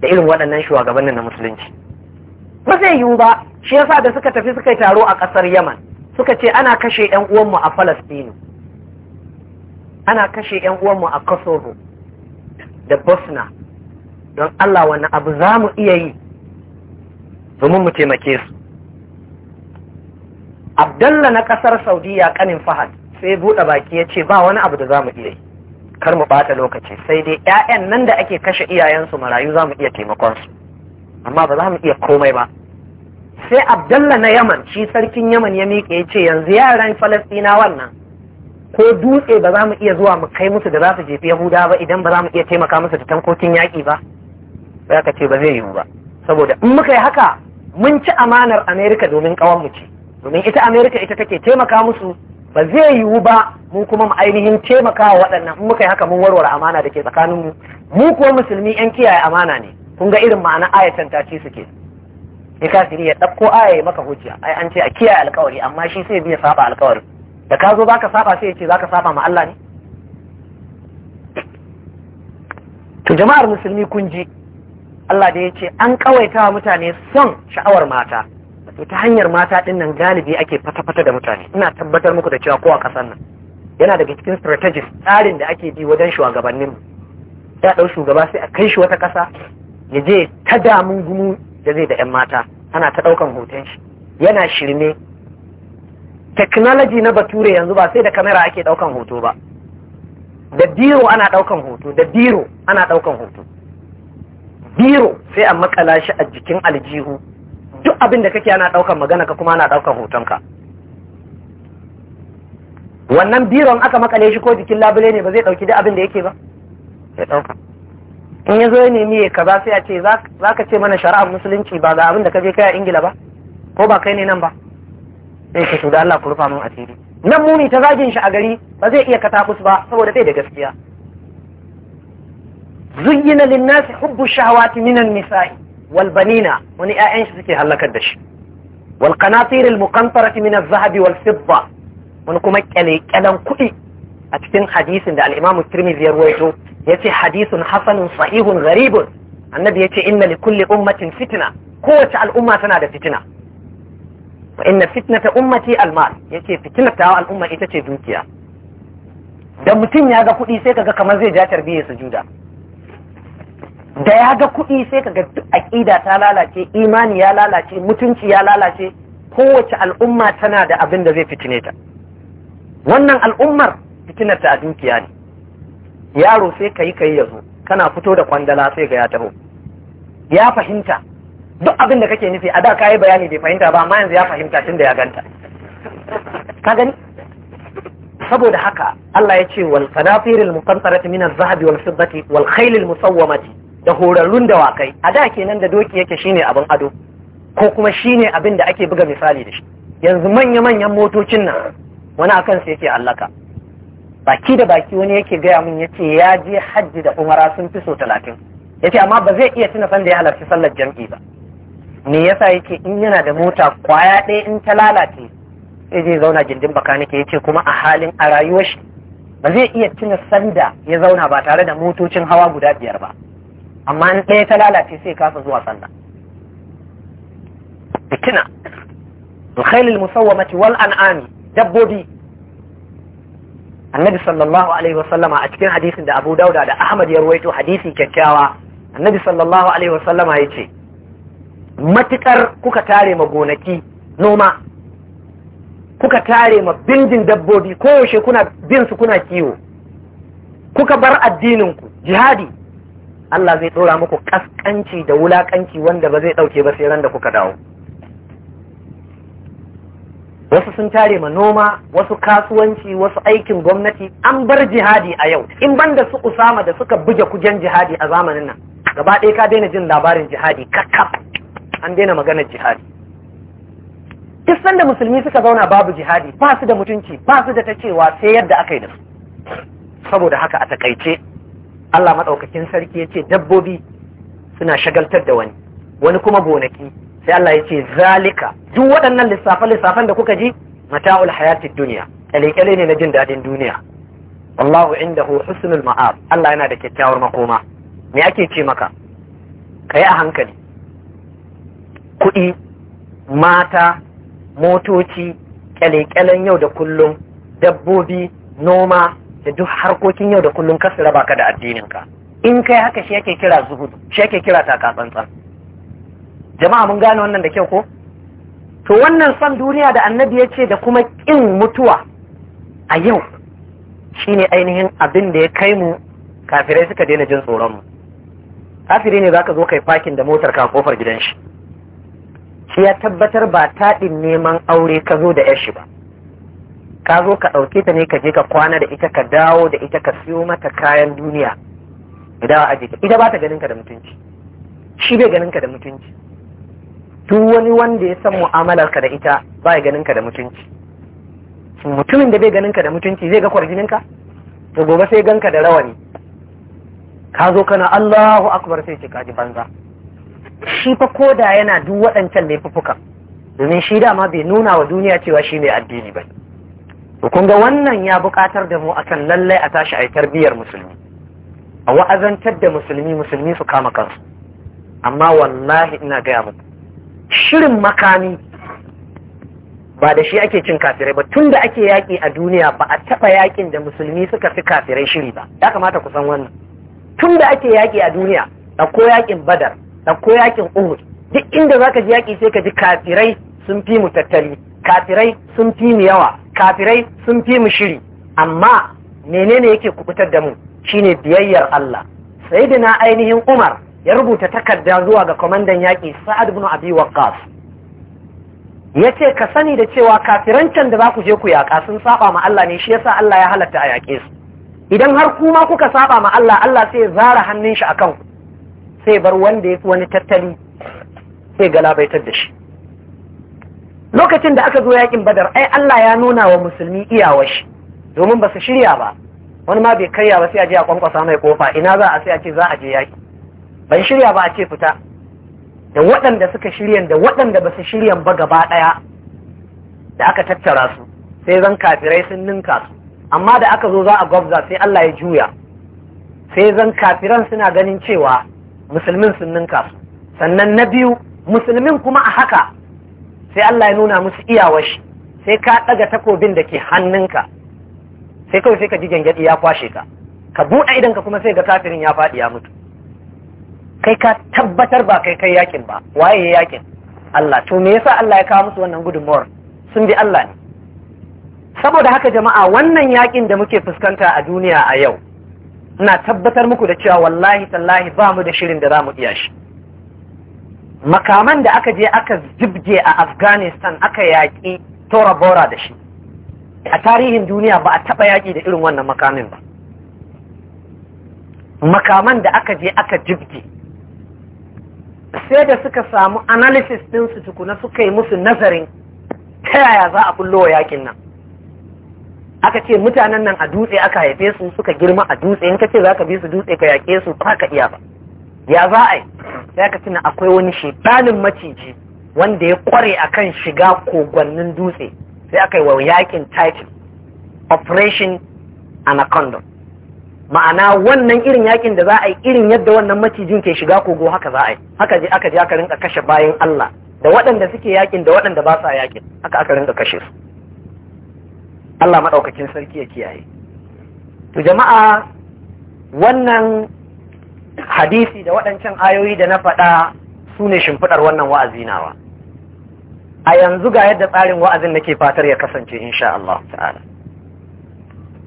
da irin waɗannan shugabannin na musulunci ba zai yiwu ba shi yasa da suka tafi suka yi taro a ƙasar yaman suka ce ana kashe 'yan uwanmu a falastinu ana kashe yan uwanmu a kosovo da bosna don allah wani abu za mu iya yi domin mu taimake su abdalla na kasar saudiya kanin fahad sai buɗe baki ya ce ba wani abu da za mu iya yi kar mu ɓata lokaci sai dai 'ya'yan nan da ake kashe iyayensu marayu za mu iya taimakonsu amma ba za mu iya komai ba sai abdalla na yaman shi sarkin yaman ya miƙe ya ce yanzu yaran falastina wannan ko dutse ba za mu iya zuwa mu kai musu da za su jefi yahuda ba idan ba za mu iya taimaka musu da tankokin yaƙi ba ba ka ce ba zai yiwu ba saboda in muka yi haka mun ci amanar amerika domin kawan mu ce domin ita amerika ita take taimaka musu ba zai yiwu ba mu kuma mu ainihin taimaka wa waɗannan in muka yi haka mun warware amana da ke tsakanin mu mu kuwa musulmi yan kiyaye amana ne kun ga irin ma'ana ayatan ta ci suke ya kafiri ya ɗauko aya ya maka hujja ai an ce a kiyaye alkawari amma shi sai biya saba alkawarin da ka zo ka saba sai ya ce zaka saba ma Allah ne to jama'ar musulmi kun ji Allah da ya ce an kawaita wa mutane son sha'awar mata to ta hanyar mata din nan galibi ake fata-fata da mutane ina tabbatar muku da cewa kowa kasan nan yana daga cikin strategies tsarin da ake bi wajen shugabannin ya ɗau shugaba sai a kai shi wata ƙasa ya je ta damun gumu da zai da 'yan mata ana ta ɗaukan hoton shi yana shirme technology na bature yanzu ba sai da kamera ake daukan hoto ba da biro ana daukan hoto da biro ana daukan hoto biro sai a makala shi a jikin aljihu duk abin da kake ana daukan magana ka kuma ana daukan hotonka wannan biron aka makale shi ko jikin labule ne ba zai dauki duk abin da yake ba ya dauka in ya zo ya nemi ya kaza sai a ce za ka ce mana shari'ar musulunci ba ga abin da ka je kai a ingila ba ko ba kai ne nan ba zai ce da Allah asiri nan muni ta zagin shi a gari ba zai iya katabus ba saboda bai da gaskiya zuyyina linnasi hubbu shahawati minan nisa'i wal banina wani 'ya'yan shi suke halakar da shi wal qanatir al muqantarati min az-zahabi wal fidda wani kuma kyale-kyalen kuɗi a cikin hadisin da al-Imam Tirmidhi ya rawaito yace hadisun hasanun sahihun gharibun annabi yace inna li kulli ummatin fitna kowace al'umma tana da fitina fa inna fitnata ummati almal yace fitnata al'umma ita ce dukiya da mutum ya ga kuɗi sai kaga kamar zai ja tarbiyyar juda. da ya ga kuɗi sai kaga duk aqida ta lalace imani ya lalace mutunci ya lalace kowace al'umma tana da abin da zai fitine ta wannan al'ummar fitinata a dukiya ne yaro sai kayi kai yazo kana fito da kwandala sai ga ya taho ya fahimta duk abin da kake nufi a da kayi bayani bai fahimta ba amma yanzu ya fahimta tun da ya ganta ka gani saboda haka Allah ya ce wal qanatiril muqantarati min az-zahabi wal fiddati wal khaylil musawwamati da horarrun dawakai a da kenan da doki yake shine abin ado ko kuma shine abin da ake buga misali da shi yanzu manya-manyan motocin nan wani akan sai yake allaka baki da baki wani yake gaya mun yace ya je hajji da umara sun fi so talatin yace amma ba zai iya tuna sanda ya halarci sallar jam'i ba me yasa yake in yana da mota kwaya ɗaya in ta lalace sai zai zauna gindin nake yace kuma a halin a rayuwar shi ba zai iya tuna sanda ya zauna ba tare da motocin hawa guda biyar ba amma in ɗaya ta lalace sai kafa zuwa sanda fitina alkhailul musawwamati wal an'ami dabbobi annabi sallallahu alaihi wasallama a cikin hadisin da Abu Dauda da Ahmad ya ruwaito hadisi kyakkyawa annabi sallallahu alaihi wasallama yace matukar kuka tare ma gonaki noma kuka tare ma bindin dabbobi koyaushe kuna bin su kuna kiwo kuka bar addininku jihadi Allah zai ɗora muku ƙasƙanci da wulaƙanci wanda ba zai ɗauke ba sai ran da kuka dawo wasu sun tare ma noma wasu kasuwanci wasu aikin gwamnati an bar jihadi a yau in banda su usama da suka buge kujen jihadi a zamanin nan gaba ɗaya ka daina jin labarin jihadi kakkaf an daina maganar jihadi duk sanda musulmi suka zauna babu jihadi ba su da mutunci ba su da ta cewa sai yadda aka yi da su saboda haka a takaice Allah maɗaukakin sarki ya ce dabbobi suna shagaltar da wani wani kuma gonaki sai Allah ya ce zalika duk waɗannan lissafan-lissafan da kuka ji mata'ul hayatid duniya kyale-kyale ne na jin daɗin duniya wallahu indahu husnul ma'ab Allah yana da kyakkyawar makoma me ake ce maka kai a hankali kuɗi mata motoci kyale-kyalen yau da kullum dabbobi noma da duk harkokin yau da kullum kasu raba ka da addininka in kai haka shi yake kira zuhudu shi yake kira takatsantsan jama'a mun gane wannan da kyau ko to wannan son duniya da annabi ya ce da kuma ƙin mutuwa a yau shine ainihin abin da ya kai mu kafirai suka daina jin tsoron mu kafiri ne zaka zo kai fakin da motar ka kofar gidan shi ya tabbatar ba taɗin neman aure ka zo da yashi ba ka zo ka ɗauke ta ne ka je ka kwana da ita ka dawo da ita ka siyo mata kayan duniya ka dawo a jika ita ba ta ganin ka da mutunci shi bai ganin ka da mutunci duk wani wanda ya san mu'amalar ka da ita ba ya ganin ka da mutunci mutumin da bai ganin ka da mutunci zai ga kwarjinin ka to gobe sai ganka da rawani ka zo kana Allahu akbar sai ce kaji banza shi fa koda yana duk waɗancan laifuka domin shi dama bai nuna wa duniya cewa shi mai addini ba kun ga wannan ya buƙatar da mu akan lallai a tashi a tarbiyyar musulmi a wa'azantar da musulmi musulmi su kama kansu amma wallahi ina gaya muku shirin makami ba da shi ake cin kafirai ba tun da ake yaƙi a duniya ba a taɓa yaƙin da musulmi suka fi kafirai shiri ba ya kamata ku san wannan tun da ake yaƙi a duniya ɗauko yaƙin badar ɗauko yaƙin uhud duk inda zaka ji yaki sai ka ji kafirai sun fi mu tattali kafirai sun fi mu yawa kafirai sun fi mu shiri amma menene yake kubutar da mu shine biyayyar Allah sayyidina ainihin Umar ya rubuta takarda zuwa ga kwamandan yaƙi Sa'ad ibn Abi Waqqas yace ka sani da cewa kafiran can da za ku je ku yaƙa sun saɓa ma Allah ne shi yasa Allah ya halatta a yaƙe su idan har kuma kuka saɓa ma Allah Allah sai ya zara hannun shi a kanku. sai bar wanda ya fi wani tattali sai galabaitar da shi lokacin da aka zo yakin badar ai Allah ya nuna wa musulmi iyawar shi domin ba su shirya ba wani ma bai karya ba sai a je a kwankwasa mai kofa ina za a sai a ce za a je yaki ban shirya ba a ce fita da waɗanda suka shirya da waɗanda ba su shirya ba gaba ɗaya da aka tattara su sai zan kafirai sun ninka su amma da aka zo za a gwabza sai Allah ya juya sai zan kafiran suna ganin cewa musulmin sun ninka su sannan na biyu musulmin kuma a haka sai Allah ya nuna musu iyawar shi sai ka ɗaga takobin da ke hannunka sai kawai sai ka ji gyangyaɗi ya kwashe ka ka buɗe idan ka kuma sai ga kafirin ya faɗi ya mutu kai ka tabbatar ba kai kai yakin ba waye ya yakin Allah to me yasa Allah ya kawo musu wannan gudunmuwar sun bi Allah ne saboda haka jama'a wannan yakin da muke fuskanta a duniya a yau ina tabbatar muku da cewa wallahi tallahi ba mu da shirin da za mu iya shi makaman da aka je aka jibge a afghanistan aka yaƙi tora bora da shi a tarihin duniya ba a taɓa yaƙi da irin wannan makamin ba makaman da aka je aka jibge sai da suka samu analysis ɗinsu tukuna suka yi musu nazarin ta yaya za a wa yaƙin nan aka ce mutanen nan a dutse aka haife su suka girma a dutse in kace zaka bi su dutse ka yaƙe su ba ka iya ba ya za a yi sai ka tuna akwai wani shetanin maciji wanda ya kware akan shiga kogonnin dutse sai aka yi wa yakin titan operation anaconda ma'ana wannan irin yakin da za a yi irin yadda wannan macijin ke shiga kogo haka za a yi haka je aka je aka rinka kashe bayan Allah da waɗanda suke yakin da waɗanda ba sa yakin haka aka rinka kashe su Allah maɗaukakin sarki ya kiyaye to jama'a wannan hadisi da waɗancan ayoyi da na faɗa su ne shimfiɗar wannan wa'azi nawa a yanzu ga yadda tsarin wa'azin nake fatar ya kasance insha Allah ta'ala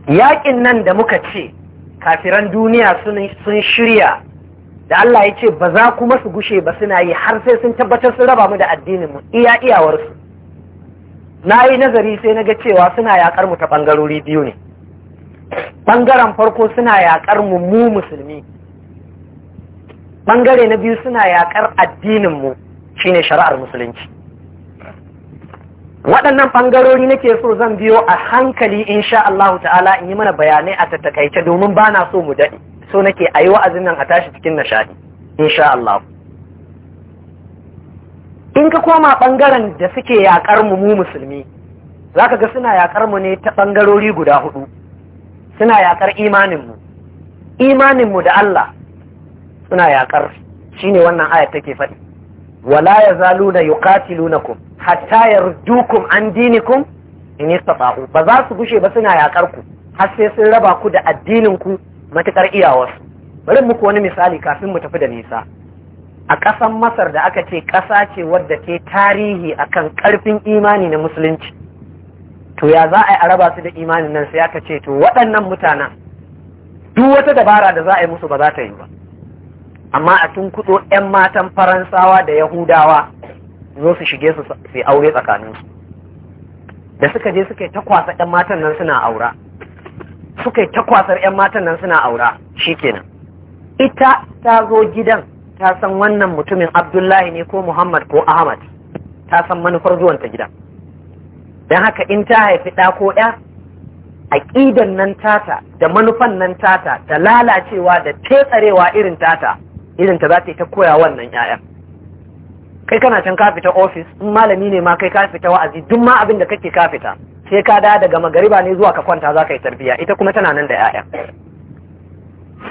yaƙin nan da muka ce kafiran duniya sun shirya da Allah ya ce ba za kuma su gushe ba suna yi har sai sun tabbatar sun raba mu da addinin mu iya iyawarsu na yi nazari sai na ga cewa suna yaƙar mu ta ɓangarori biyu ne ɓangaren farko suna yaƙar mu mu musulmi ɓangare na biyu suna yaƙar addininmu mu shine shari'ar musulunci waɗannan ɓangarori nake so zan biyo a hankali sha Allah ta'ala in yi mana bayanai a tattakaice domin ba na so mu daɗi. so nake a yi wa'azin nan a tashi cikin nishaɗi sha Allah in ka koma ɓangaren da suke yaƙar mu mu musulmi za ka ga suna yaƙar mu ne ta ɓangarori guda hudu suna yaƙar imaninmu imaninmu da Allah suna yaƙar Shi ne wannan ayat take faɗi wala ya na yuqatilunakum hatta yardukum an dinikum in istata'u ba za su gushe ba suna yaƙar ku har sai sun raba ku da addininku ku matukar iyawarsu bari muku wani misali kafin mu tafi da nisa a ƙasan masar da aka ce ƙasa ce wadda ke tarihi akan ƙarfin imani na musulunci to ya za a yi a raba su da imanin nan sai aka ce to waɗannan mutanen duk wata dabara da za a yi musu ba za ta yi ba amma a tun kuɗo 'yan matan faransawa da yahudawa zo su shige su sai aure tsakaninsu da suka je suka yi ta kwasa 'yan matan nan suna aura suka yi ta kwasar 'yan matan nan suna aura shikenan ita ta zo gidan ta san wannan mutumin abdullahi ne ko muhammad ko ahmad ta san manufar zuwanta gida don haka in ta haifi ɗa ko ɗa aƙidan nan tata da manufan nan tata da lalacewa da tetsarewa irin tata irin ta za ta yi ta koya wannan 'ya'yan kai kana can ka fita ofis in malami ne ma kai ka fita wa'azi duk ma abin da kake ka fita sai ka da daga magariba ne zuwa ka kwanta za ka yi tarbiya ita kuma tana nan da 'ya'yan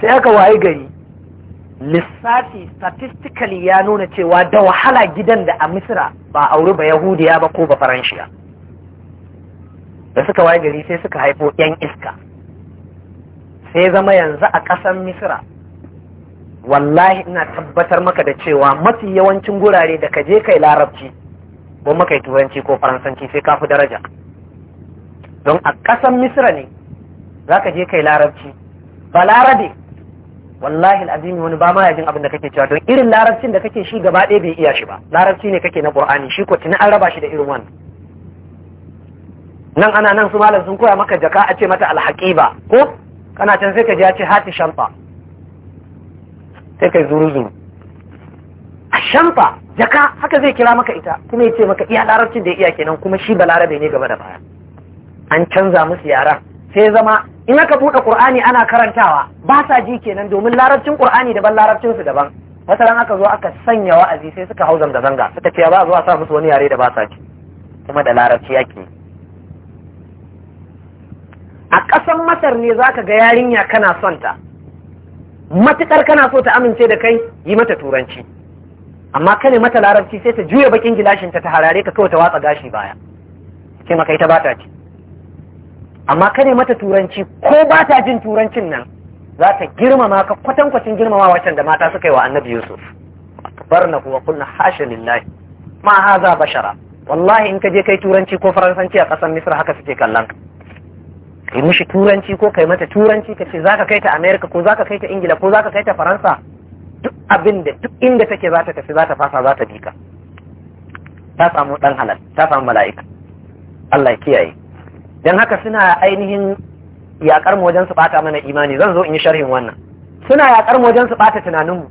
sai aka wayi gari lissafi statistically ya nuna cewa da wahala gidan da a misira ba auri ba yahudiya ba ko ba faranshiya da suka waye gari sai suka haifo yan iska sai zama yanzu a ƙasan misira wallahi ina tabbatar maka da cewa mafi yawancin gurare da ka je kai larabci ko maka turanci ko faransanci sai kafi daraja don a ƙasar misira ne za ka je kai larabci balarabe wallahi alazimi wani ba ma ya jin abin da kake cewa don irin larabcin da kake shi gaba ɗaya bai iya shi ba larabci ne kake na qur'ani shi ko tuni an raba shi da irin wannan nan ana nan su malam sun koya maka jaka a ce mata alhaqiba ko kana can sai ka ji ya ce hati shamfa sai kai zuru zuru a shamfa jaka haka zai kira maka ita kuma ya ce maka iya larabcin da ya iya kenan kuma shi ba Larabe ne gaba da baya an canza musu yara sai zama in aka buɗe ƙur'ani ana karantawa ba sa ji kenan domin larabcin ƙur'ani daban larabcin su daban masalan aka zo aka sanya wa'azi sai suka hau zanga zanga suka ce ba a sa musu wani yare da ba sa ci kuma da larabci yake a ƙasan masar ne zaka ga yarinya kana son ta matuƙar kana so ta amince da kai yi mata turanci amma kane mata larabci sai ta juya bakin gilashinta ta harare ka kawai ta watsa gashi baya ce maka ita ba ta ci amma kare mata turanci ko ba ta jin turancin nan za ta girmama ka kwatankwacin girmama wacan da mata suka yi wa annabi yusuf barna kuwa kunna hasha lillahi ma haza bashara wallahi in ka je kai turanci ko faransanci a ƙasar misra haka suke kallon ka kai mishi turanci ko kai mata turanci ka ce zaka kai ta america ko zaka kai ta ingila ko zaka kai ta faransa duk abin da duk inda take za ta tafi za ta fasa za ta bi ka ta samu dan halal ta samu mala'ika Allah ya kiyaye don haka suna ainihin yakar mu wajen su bata mana imani zan zo in yi sharhin wannan suna yakar mu wajen su bata tunaninmu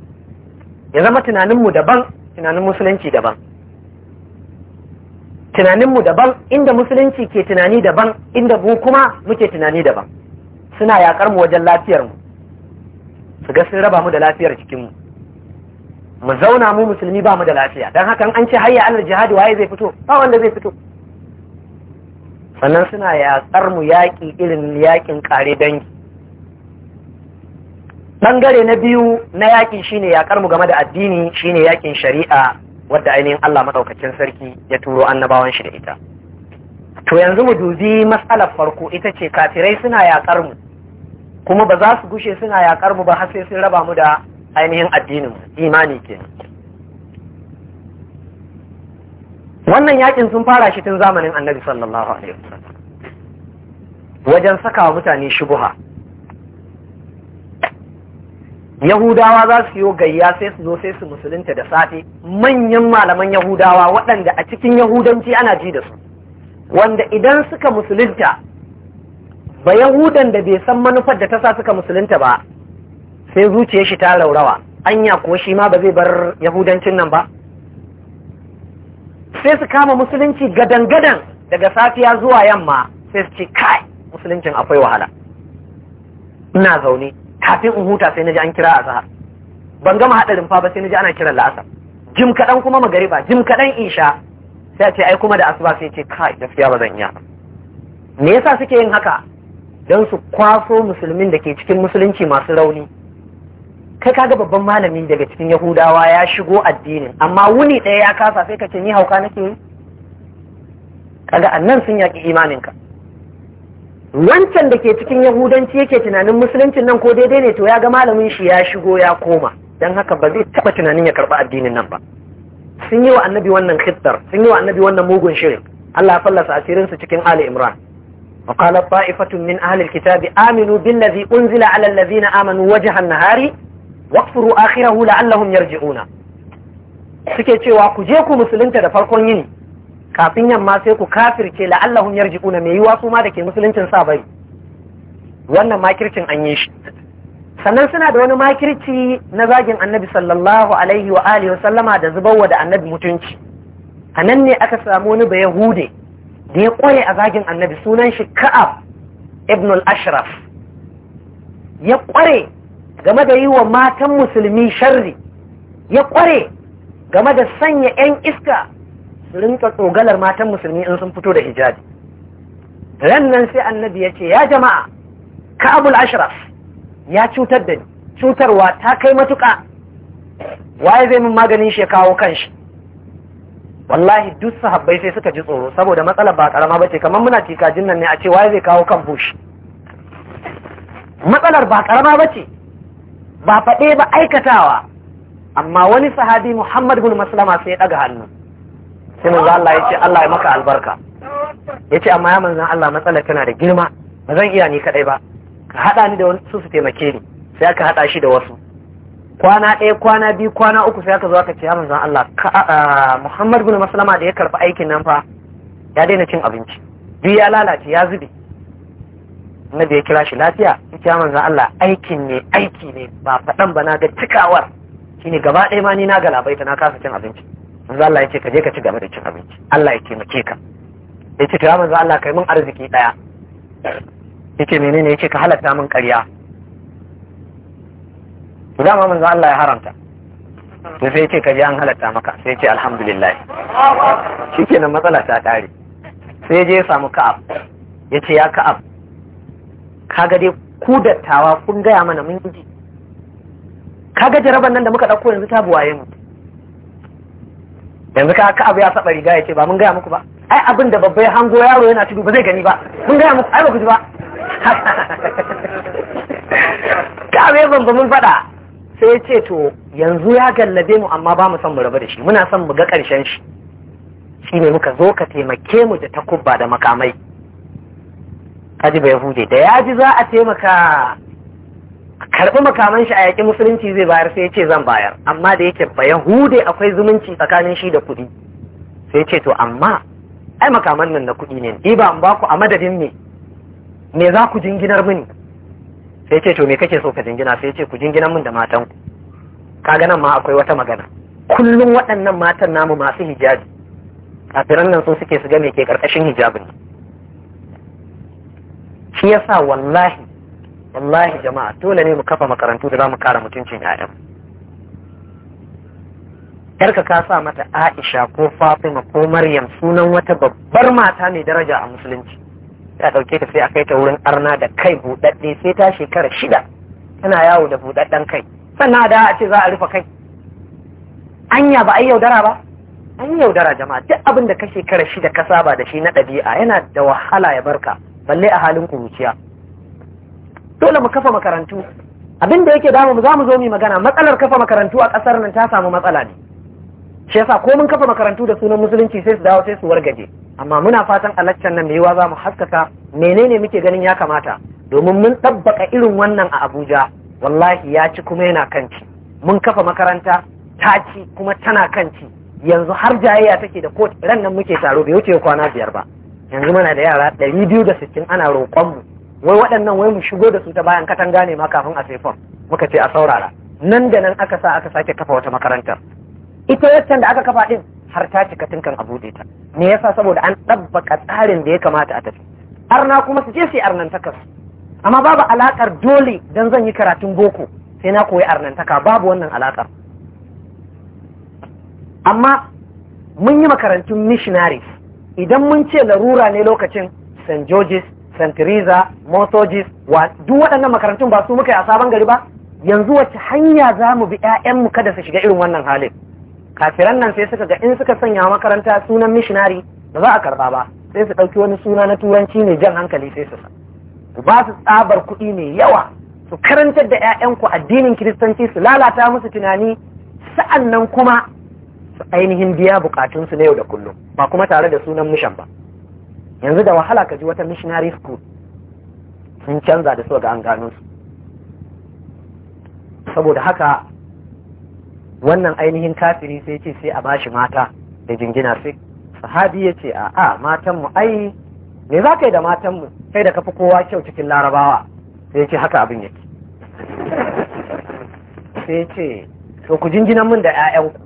ya zama tunaninmu daban tunanin musulunci daban tunaninmu daban inda musulunci ke tunani daban inda mu kuma muke tunani daban suna yakar mu wajen lafiyarmu su ga sun raba mu da lafiyar cikinmu mu zauna mu musulmi ba mu da lafiya don haka an ce hayya alal jihadi waye zai fito ba wanda zai fito sannan suna yaƙar mu yaƙi irin yaƙin ƙare dangi ɓangare na biyu na yaƙi shine yaƙar mu game da addini shine yaƙin shari'a wadda ainihin Allah maɗaukacin sarki ya turo annabawan shi da ita to yanzu mu dubi matsalar farko ita ce kafirai suna yaƙar mu kuma ba za su gushe suna yaƙar mu ba har sai sun raba mu da ainihin addinin mu, imani kenan wannan yakin sun fara shi tun zamanin annabi sallallahu alaihi wasallam wajen saka wa mutane shubuha yahudawa za su yi gayya sai su zo sai su musulunta da safe manyan malaman yahudawa waɗanda a cikin yahudanci ana ji da su wanda idan suka musulunta ba yahudan da bai san manufar da ta sa suka musulunta ba sai zuciyar shi ta raurawa anya ko shi ma ba zai bar yahudancin nan ba sai su kama musulunci gadan-gadan daga safiya zuwa yamma sai su ce kai musuluncin akwai wahala ina zaune kafin in huta sai na ji an kira azhar ban gama haɗarin fa ba sai na ji ana kiran la'asar jim kaɗan kuma magariba jim kaɗan isha sai ce ai kuma da asuba sai ce kai gaskiya ba zan iya me yasa suke yin haka don su kwaso musulmin da ke cikin musulunci masu rauni kai kaga babban malami daga cikin yahudawa ya shigo addinin amma wuni ɗaya ya kasa sai ka ce ni hauka nake yi kaga annan sun yaƙi imaninka wancan da ke cikin yahudanci yake tunanin musuluncin nan ko daidai ne to ya ga malamin shi ya shigo ya koma don haka ba zai taɓa tunanin ya karɓi addinin nan ba sun yi wa annabi wannan khittar sun yi wa annabi wannan mugun shirin Allah ya fallasa asirinsu cikin Ali Imran وقال طائفة من أهل الكتاب آمنوا بالذي أنزل على الذين آمنوا وجه النهار waqfuru akhirahu la'allahum yarji'una suke cewa ku je ku musulunta da farkon yini kafin yamma sai ku kafirce la'allahum yarji'una mai yiwa su ma da ke musuluncin sa bari. wannan makircin an yi shi sannan suna da wani makirci na zagin annabi sallallahu alaihi wa alihi wa sallama da zubarwa da annabi mutunci a nan ne aka samu wani ba yahude da ya kware a zagin annabi sunan shi ka'ab ibn al-ashraf ya kware game da yi wa matan musulmi sharri ya kware game da sanya 'yan iska su rinka tsogalar matan musulmi in sun fito da hijabi ran nan sai annabi ya ce ya jama'a ka'abul ashraf ya cutar da ni cutarwa ta kai matuka. waye zai min maganin shi ya kawo kanshi wallahi duk sahabbai sai suka ji tsoro saboda matsalar ba karama bace kamar muna tikajin nan ne a ce waye zai kawo kan bushi matsalar ba karama bace ba faɗe ba aikatawa amma wani sahabi Muhammad bin Maslama sai ya daga hannu sai manzo Allah ya ce Allah ya maka albarka ya ce amma ya manzon Allah matsala tana da girma ba zan iya ni kadai ba ka haɗa ni da wani su taimake ni sai aka haɗa shi da wasu kwana ɗaya kwana biyu kwana uku sai aka zo aka ce ya manzon Allah Muhammad bin Maslama da ya karɓi aikin nan fa ya daina cin abinci duk ya lalace ya zube annabi ya kira shi lafiya ita manzan Allah aikin ne aiki ne ba faɗan ba na ga cikawar shine gaba ɗaya ma ni na ta na kasa cin abinci manzan Allah ya ce ka je ka ci gaba da cin abinci Allah ya taimake ka ya ce kira ya manzan Allah kai mun arziki ɗaya ya ce menene ya ce ka halatta min ƙarya to dama manzan Allah ya haramta to sai ya ce ka je an halatta maka sai ya ce alhamdulillah shikenan matsala ta ƙare sai ya je ya samu ka'ab ya ce ya ka'ab kaga dai ku dattawa kun gaya mana mun ji kaga jaraban nan da muka ɗauko yanzu ta buwaye mu yanzu ka abu ya saba riga ya ce ba mun gaya muku ba ai abin da babbai hango yaro yana tudu ba zai gani ba mun gaya muku ai ba ku ji ba ka abu ya bamba mun faɗa sai ya ce to yanzu ya gallabe mu amma ba mu son mu rabu da shi muna son mu ga ƙarshen shi shine muka zo ka taimake mu da takubba da makamai kaji bai huje da ya ji za a taimaka karɓi makaman shi a yaƙi musulunci zai bayar sai ya ce zan bayar amma da yake ba hude akwai zumunci tsakanin shi da kuɗi sai ce to amma ai makaman nan na kuɗi ne ni ba ba ku a madadin ne. me za ku jinginar mini sai ce to me kake so ka jingina sai ce ku jinginar min da matan ku kaga nan ma akwai wata magana kullum waɗannan matan namu masu hijabi a nan so suke su ga me ke karkashin hijabin shi ya sa wallahi wallahi jama'a dole ne mu kafa makarantu da za mu kara mutuncin ya'yan yarka ka sa mata Aisha ko Fatima ko Maryam sunan wata babbar mata mai daraja a musulunci ya ɗauke ta sai a kai ta wurin arna da kai buɗaɗɗe sai ta shekara shida tana yawo da buɗaɗɗen kai sannan da a ce za a rufe kai anya ba ai yaudara ba an yaudara jama'a duk abin da ka shekara shida ka saba da shi na ɗabi'a yana da wahala ya barka balle a halin kuruciya dole mu kafa makarantu abin da yake damu za mu zo mu magana matsalar kafa makarantu a ƙasar nan ta samu matsala ne shi yasa ko mun kafa makarantu da sunan musulunci sai su dawo sai su wargaje amma muna fatan a laccan nan yiwa za mu haskaka menene muke ganin ya kamata domin mun tabbaka irin wannan a Abuja wallahi ya ci kuma yana kanci mun kafa makaranta ta ci kuma tana kanci yanzu har jayayya take da kot ran nan muke taro bai wuce kwana biyar ba yanzu muna da yara ɗari biyu da sittin ana roƙonmu wai waɗannan wai mu shigo da su ta bayan katanga ne ma kafin a saifon muka ce a saurara nan da nan aka sa aka sake kafa wata makarantar ita yaccan da aka kafa ɗin har ta cika tinkan a buɗe ta me yasa saboda an ɗabbaka tsarin da ya kamata a tafi arna kuma su je su yi arnantakar amma babu alaƙar dole don zan yi karatun boko sai na koyi arnantaka babu wannan alaƙar amma mun yi makarantun missionaries idan mun ce larura ne lokacin st george's st teresa mosogis duk waɗannan makarantun ba su muka yi a sabon gari ba yanzu wace hanya za mu bi 'ya'yanmu kada su shiga irin wannan halin kafiran nan sai suka ga in suka sanya makaranta sunan mishinari ba za a karba ba sai su ɗauki wani suna na turanci ne jan hankali sai su sa ku ba su tsabar kuɗi mai yawa su karantar da 'ya'yanku addinin kiristanci su lalata musu tunani sa'an nan kuma ainihin biya bukatunsu na yau da kullum ba kuma tare da sunan mishan ba yanzu da wahala ka ji wata missionary school sun canza da su ga an gano su saboda haka wannan ainihin kafiri sai ce sai a bashi mata da jingina sai sahabi ya ce a a matanmu ai me za ka yi da matanmu sai da kafi kowa kyau cikin larabawa sai ya ce haka abin yake sai ya ce to ku jinginan min da 'ya'yanku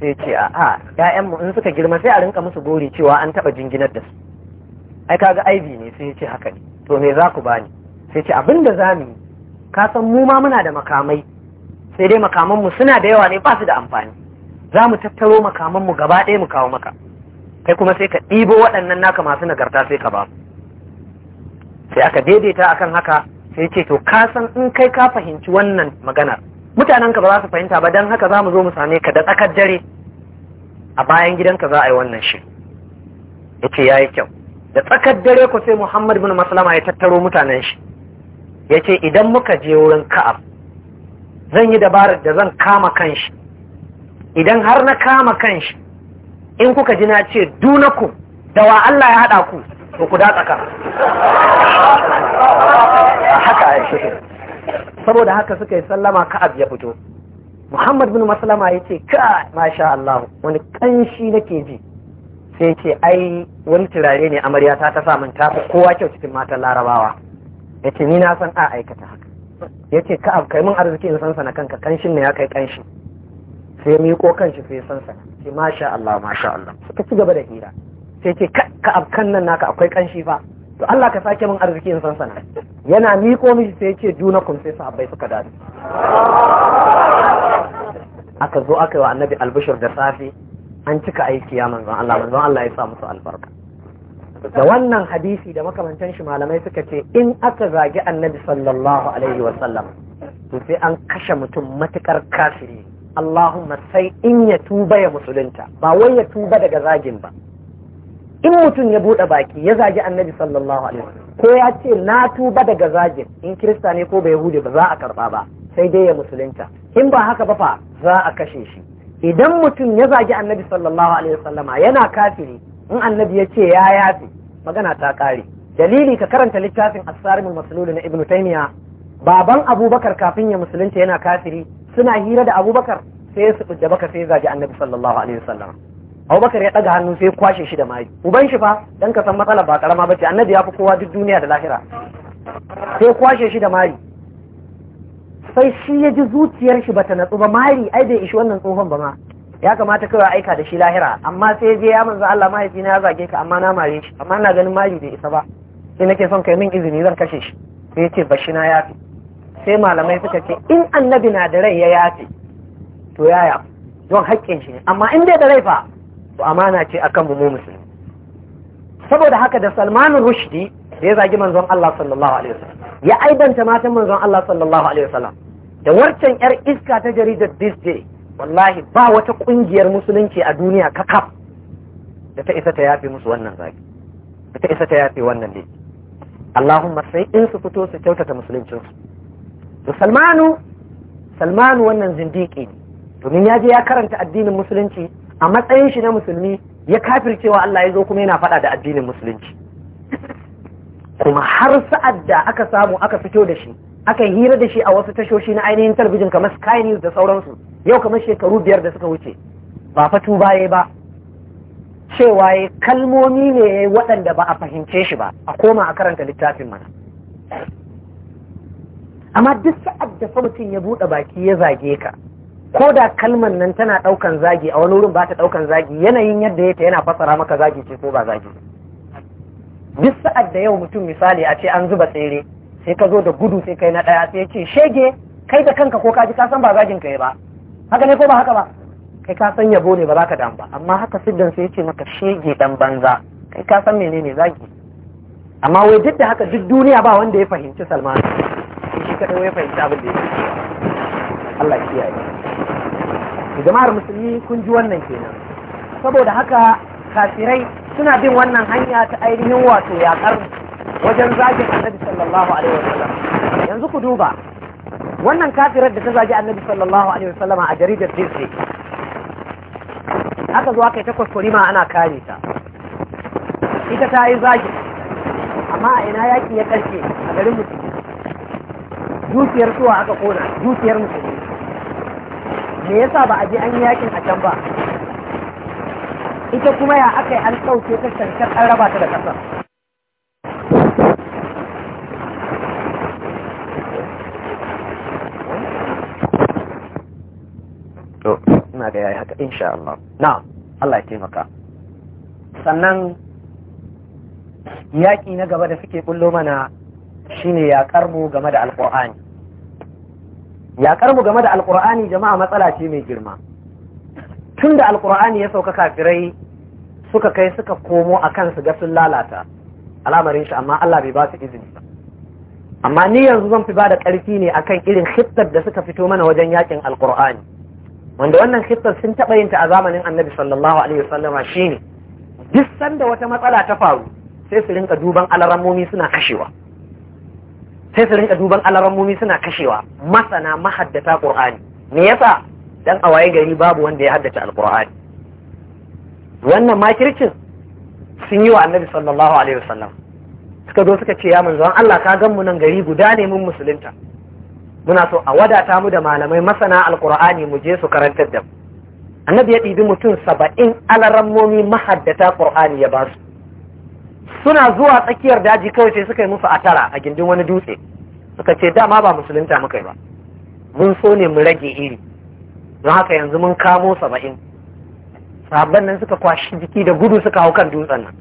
sai ce a a mu in suka girma sai a rinka musu gori cewa an taba jinginar da su ai kaga I.V ne sai ce haka ne to me za ku bani sai ce abin da za yi ka san mu ma muna da makamai sai dai makamanmu suna da yawa ne ba su da amfani za mu tattaro makamanmu gaba ɗaya mu kawo maka kai kuma sai ka ɗibo waɗannan naka masu nagarta sai ka ba su sai aka daidaita akan haka sai ce to ka san in kai ka fahimci wannan maganar mutanen ka ba za su fahimta ba don haka za mu zo mu same ka da tsakar dare a bayan gidanka za a yi wannan shi ya yi kyau da tsakar dare ku sai Muhammad bin Maslama ya tattaro mutanen shi yace idan muka je wurin Ka'ab zan yi dabarar da zan kama kan shi idan har na kama kan shi in kuka ji na ce dunaku da wa Allah ya haɗa ku to ku da ka haka saboda haka suka yi sallama ka'ab ya fito muhammad bin maslama ya ce ka masha Allah wani kanshi nake ji sai ce ai wani turare ne amarya ta ta samun ta kowa kyau cikin matan larabawa ya ce ni na san a aikata haka ya ce ka'ab kai mun arziki in san sana kanka kanshin ne ya kai kanshi sai ko kanshi sai san sana ce masha Allah masha Allah suka ci gaba da hira sai ce ka'ab kan nan naka akwai kanshi fa to Allah ka sake min arziki in san sana yana miko mishi sai ce juna kun sai sahabbai suka dace aka zo aka yi wa annabi albishir da safi an cika aiki ya manzon Allah manzon Allah ya sa musu albarka da wannan hadisi da makamantan shi malamai suka ce in aka zagi annabi sallallahu alaihi wa sallam to sai an kashe mutum matukar kafiri Allahumma sai in ya tuba ya musulunta ba wai ya tuba daga zagin ba in mutum ya buɗe baki ya zagi annabi sallallahu alaihi ko ya ce na tuba daga zagin in kirista ne ko bai hude ba za a karɓa ba sai dai ya musulunta in ba haka ba fa za a kashe shi idan mutum ya zagi annabi sallallahu alaihi wasallam yana kafiri in annabi ya ce ya yafi magana ta ƙare dalili ka karanta littafin Assarimin maslulu na ibnu taymiya baban abubakar kafin ya musulunta yana kafiri suna hira da abubakar sai ya su baka sai zagi annabi sallallahu alaihi wasallam abubakar ya ɗaga hannu sai kwashe shi da mari uban shi fa dan ka san matsala ba karama bace annabi ya fi kowa duk duniya da lahira sai kwashe shi da mari sai shi ya ji zuciyar shi bata natsu ba mari ai bai ishi wannan tsohon ba ma ya kamata kawai aika da shi lahira amma sai je ya manzo Allah mahaifina ya zage ka amma na mare shi amma ina ganin mari bai isa ba sai nake son kai min izini zan kashe shi sai yace bashi na yafi sai malamai suka ce in annabi na da rai ya yafi to yaya don haƙƙin shi ne amma in bai da rai fa to amana ce akan mu musulmi saboda haka da Salman Rushdi da ya zagi manzon Allah sallallahu alaihi wasallam ya aibanta matan manzon Allah sallallahu alaihi wasallam da warcan yar iska ta jaridar this day wallahi ba wata kungiyar musulunci a duniya kakaf da ta isa ta yafe musu wannan zagi da ta isa ta yafe wannan ne Allahumma sai in su fito su kyautata musuluncinsu to Salmanu Salmanu wannan zindiki ne domin ya je ya karanta addinin musulunci a matsayin shi na musulmi ya kafir cewa Allah ya zo kuma yana faɗa da addinin musulunci kuma har sa'ad da aka samu aka fito da shi aka hira da shi a wasu tashoshi na ainihin talabijin kamar Sky News da sauransu yau kamar shekaru biyar da suka wuce ba fatu baye ba cewa ya kalmomi ne waɗanda ba a fahimce shi ba a koma a karanta littafin mana amma duk sa'ad da fa mutum ya buɗe baki ya zage ka ko da kalman nan tana ɗaukan zagi a wani wurin ba ta ɗaukan zagi yanayin yadda yake yana fasara maka zagi ce ko ba zagi duk sa'ad da yau mutum misali a ce an zuba tsere sai ka zo da gudu sai kai na ɗaya sai ce shege kai da kanka ko ka ji ka san ba zagin kai ba haka ne ko ba haka ba kai ka san yabo ne ba za ka damu ba amma haka siddan sai ya ce maka shege dan banza kai ka san menene zagi amma wai duk da haka duk duniya ba wanda ya fahimci salman shi kadai wai fahimci abin da ya Allah kiyaye jama'ar musulmi kun ji wannan kenan saboda haka kafirai suna bin wannan hanya ta ainihin wato yakar wajen zagin annabi sallallahu alaihi wasallam yanzu ku duba wannan kafirar da ta zagi annabi sallallahu alaihi wasallam a jaridar Disney aka zo kai takwas kurima ana kare ta ita ta yi zagi amma a ina yaki ya karshe a garin musulmi dukiyar suwa aka kona dukiyar musulmi me yasa ba a je an yi yakin a can ba ita kuma ya aka yi an ɗauke ta shankar an raba ta da ƙasa. to ina ga yayi haka insha Allah na Allah ya taimaka sannan yaƙi na gaba da suke bullo mana shine yaƙar mu game da alƙur'ani yaƙar mu game da alƙur'ani jama'a matsala ce mai girma tun da alƙur'ani ya sauka kafirai suka kai suka komo a kan su ga sun lalata al'amarin shi amma Allah bai ba su izini ba amma ni yanzu zan fi ba da ƙarfi ne akan irin hittar da suka fito mana wajen yakin alƙur'ani wanda wannan hittar sun taɓa yin ta a zamanin annabi sallallahu alaihi wasallam shine duk sanda wata matsala ta faru sai su rinka duban alarammomi suna kashewa sai su rinka duban alarammomi suna kashewa masana mahaddata qur'ani me yasa dan a waye gari babu wanda ya haddace alqur'ani wannan makircin sun yi wa annabi sallallahu alaihi wasallam suka zo suka ce ya manzo Allah ka gan mu nan gari guda ne mun musulunta muna so a wadata mu da malamai masana alqur'ani mu je su karantar da mu annabi ya ɗibi mutum saba'in alarammomi mahaddata qur'ani ya basu suna zuwa tsakiyar daji kawai sai suka yi musu atara a gindin wani dutse suka ce dama ba musulunta muka yi ba mun so ne mu rage iri don haka yanzu mun kamo saba'in Sahaban nan suka kwashi jiki da gudu suka hau kan dutsen nan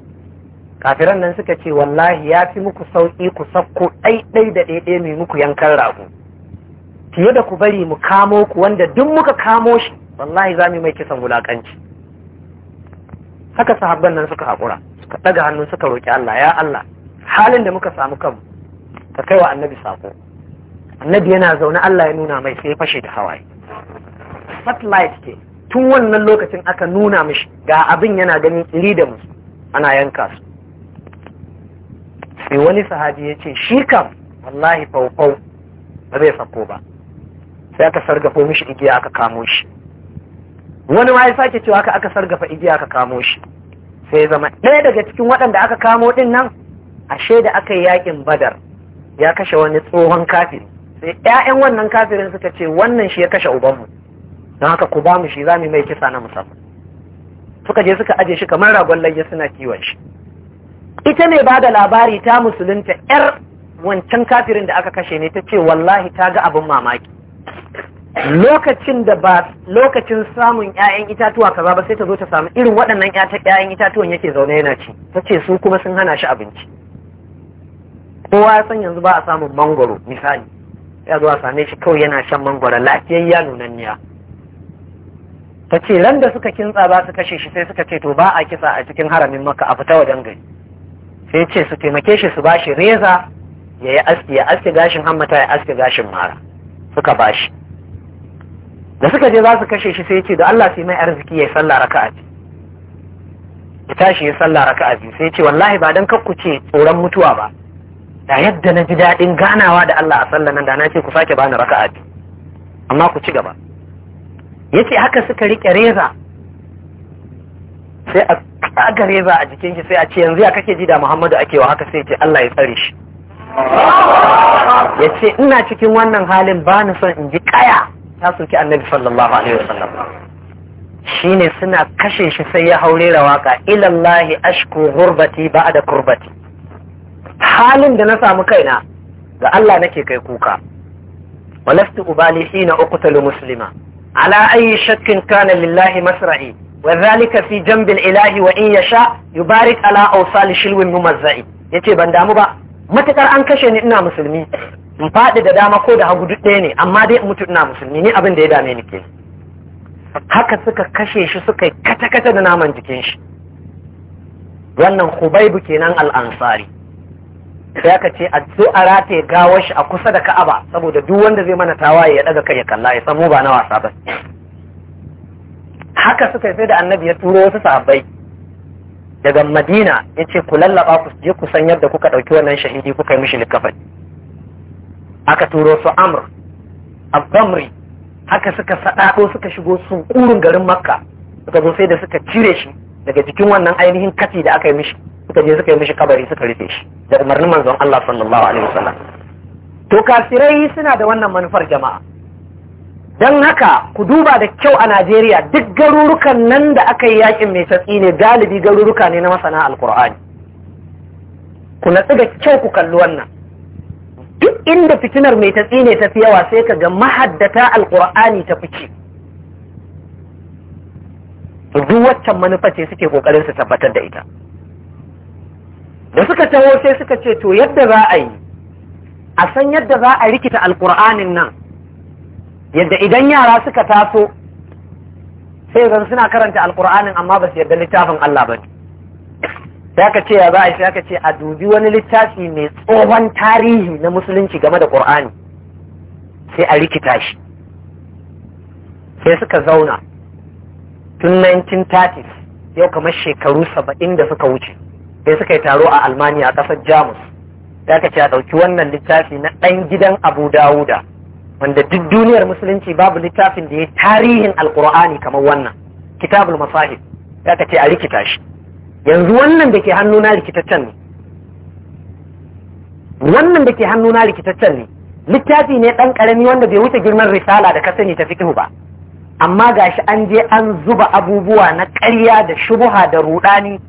kafiran nan suka ce wallahi ya fi muku sauƙi ku sakko ɗaiɗai da ɗaiɗai mai muku yankan rago fiye da ku bari mu kamo ku wanda duk muka kamo shi wallahi za mu mai kisan wulaƙanci haka sahabban nan suka haƙura suka ɗaga hannu suka roƙi Allah ya Allah halin da muka samu kanmu ka kai wa annabi sako annabi yana zaune Allah ya nuna mai sai fashe da hawaye satellite ke tun wannan lokacin aka nuna mishi ga abin yana ganin tsiri da musu ana yanka su sai wani sahabi ya ce shi kam wallahi faufau ba zai sako ba sai aka sargafo mishi igiya aka kamo shi wani ma ya sake cewa aka aka sargafa igiya aka kamo shi sai zama ɗaya daga cikin waɗanda aka kamo ɗin nan ashe da aka yi yaƙin badar ya kashe wani tsohon kafiri sai ƴaƴan wannan kafirin suka ce wannan shi ya kashe ubanmu don haka ku ba shi za mu mai kisa na musamman suka je suka aje shi kamar ragon layya suna kiwon shi ita ne ba da labari ta musulunta ƴar wancan kafirin da aka kashe ne ta ce wallahi ta ga abin mamaki lokacin da ba lokacin samun 'ya'yan itatuwa kaza ba sai ta zo ta samu irin waɗannan 'ya'yan itatuwan yake zaune yana ci ta ce su kuma sun hana shi abinci kowa ya san yanzu ba a samun mangoro misali ya zo a same shi kawai yana shan mangoro lafiyayya niya ta ce ran da suka kintsa ba su kashe shi sai suka ce to ba a kisa a cikin haramin maka a fita wajen gari sai ce su taimake shi su ba shi reza ya yi aski ya aske gashin hammata ya aske gashin mara suka ba shi. da suka je za su kashe shi sai ya ce da Allah sai mai arziki ya sallah raka'a ce ya tashi ya sallah raka'a ce sai ya ce wallahi ba dan kakku ce tsoron mutuwa ba da yadda na ji daɗin ganawa da Allah a sallan nan da na ce ku sake bani raka'a ce amma ku ci gaba yace haka suka rike reza sai a kaga reza a jikin shi sai a ce yanzu ya kake ji da Muhammadu ake wa haka sai ya ce Allah ya tsare shi ya ce ina cikin wannan halin ba ni son in ji kaya ta soki annabi sallallahu alaihi wasallam shine suna kashe shi sai ya haure da waka ilallahi ashku gurbati ba'da kurbati halin da na samu kaina ga Allah nake kai kuka walastu ubali hina uqtalu muslima ala ayi shakkin kana lillahi masra'i jambil ilahi wa in yasha yubarik ala على أوصال Ya ce ban damu ba. matukar an kashe ni ina musulmi in faɗi da dama ko da hagu duk ɗaya ne amma dai mutu ina musulmi ni abin da ya dame ni ke haka suka kashe shi suka yi kata-kata da naman jikin shi wannan hubaibu kenan al'ansari sai aka ce a zo a rataye gawar shi a kusa da ka'aba saboda duk wanda zai mana tawaye ya ɗaga kai ya kalla ya samu ba na wasa ba haka suka yi sai da annabi ya turo wasu sahabbai daga madina ya ce ku lallaba ku je ku san yadda kuka ɗauki wannan shahidi kuka yi mishi likafani aka turo su amr abamri haka suka saɗa ko suka shigo sun ƙurin garin makka suka zo sai da suka cire shi daga jikin wannan ainihin kati da aka yi mishi suka je suka yi mishi kabari suka rufe shi da umarnin manzon Allah sallallahu alaihi wasallam to kafirai suna da wannan manufar jama'a don haka ku duba da kyau a najeriya duk garurukan nan da aka yi yakin mai tsatsi ne galibi garuruka ne na masana alkur'ani ku natsu da kyau ku kalli wannan duk inda fitinar mai tatsi ne fi yawa sai ka ga mahaddata alkur'ani ta fice duk waccan manufa ce suke kokarin su tabbatar da ita da suka taho sai suka ce to yadda za a yi a san yadda za a rikita alkur'anin nan yadda idan yara suka taso sai zan suna karanta alkur'anin amma ba su yarda littafin Allah ba sai aka ce ya za a sai aka ce a dubi wani littafi mai tsohon tarihi na musulunci game da ƙur'ani sai a rikita shi sai suka zauna tun 1930 yau kamar shekaru saba'in da suka wuce sai suka yi taro a almaniya a ƙasar jamus sai aka ce a ɗauki wannan littafi na ɗan gidan abu dawuda wanda duk duniyar musulunci babu littafin da ya tarihin alkur'ani kamar wannan kitabul masahib ya kace a rikita shi yanzu wannan da ke hannuna rikitaccen ne wannan da ke hannuna rikitaccen ne littafi ne ɗan ƙarami wanda bai wuce girman risala da ka sani ta fiqhu ba amma gashi an je an zuba abubuwa na ƙarya da shubuha da rudani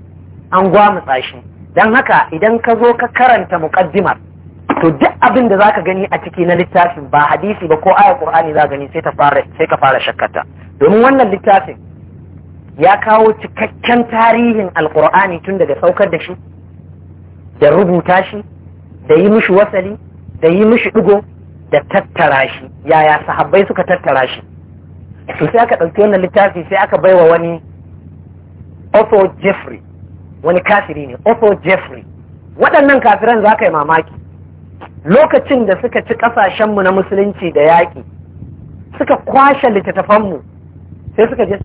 an gwamutsa shi don haka idan ka zo ka karanta muƙaddimar to duk abin da zaka gani a ciki na littafin ba hadisi ba ko ayar qur'ani za gani sai ta fara sai ka fara shakkata domin wannan littafin ya kawo cikakken tarihin alqur'ani tun daga saukar da shi da rubuta shi da yi mishi wasali da yi mishi digo da tattara shi yaya sahabbai suka tattara shi to sai aka ɗauki wannan littafi sai aka baiwa wani Otho Jeffrey wani kafiri ne Otho Jeffrey waɗannan kafiran za ka yi mamaki lokacin da suka ci ƙasashenmu na musulunci da yaƙi suka kwashe littattafanmu sai suka je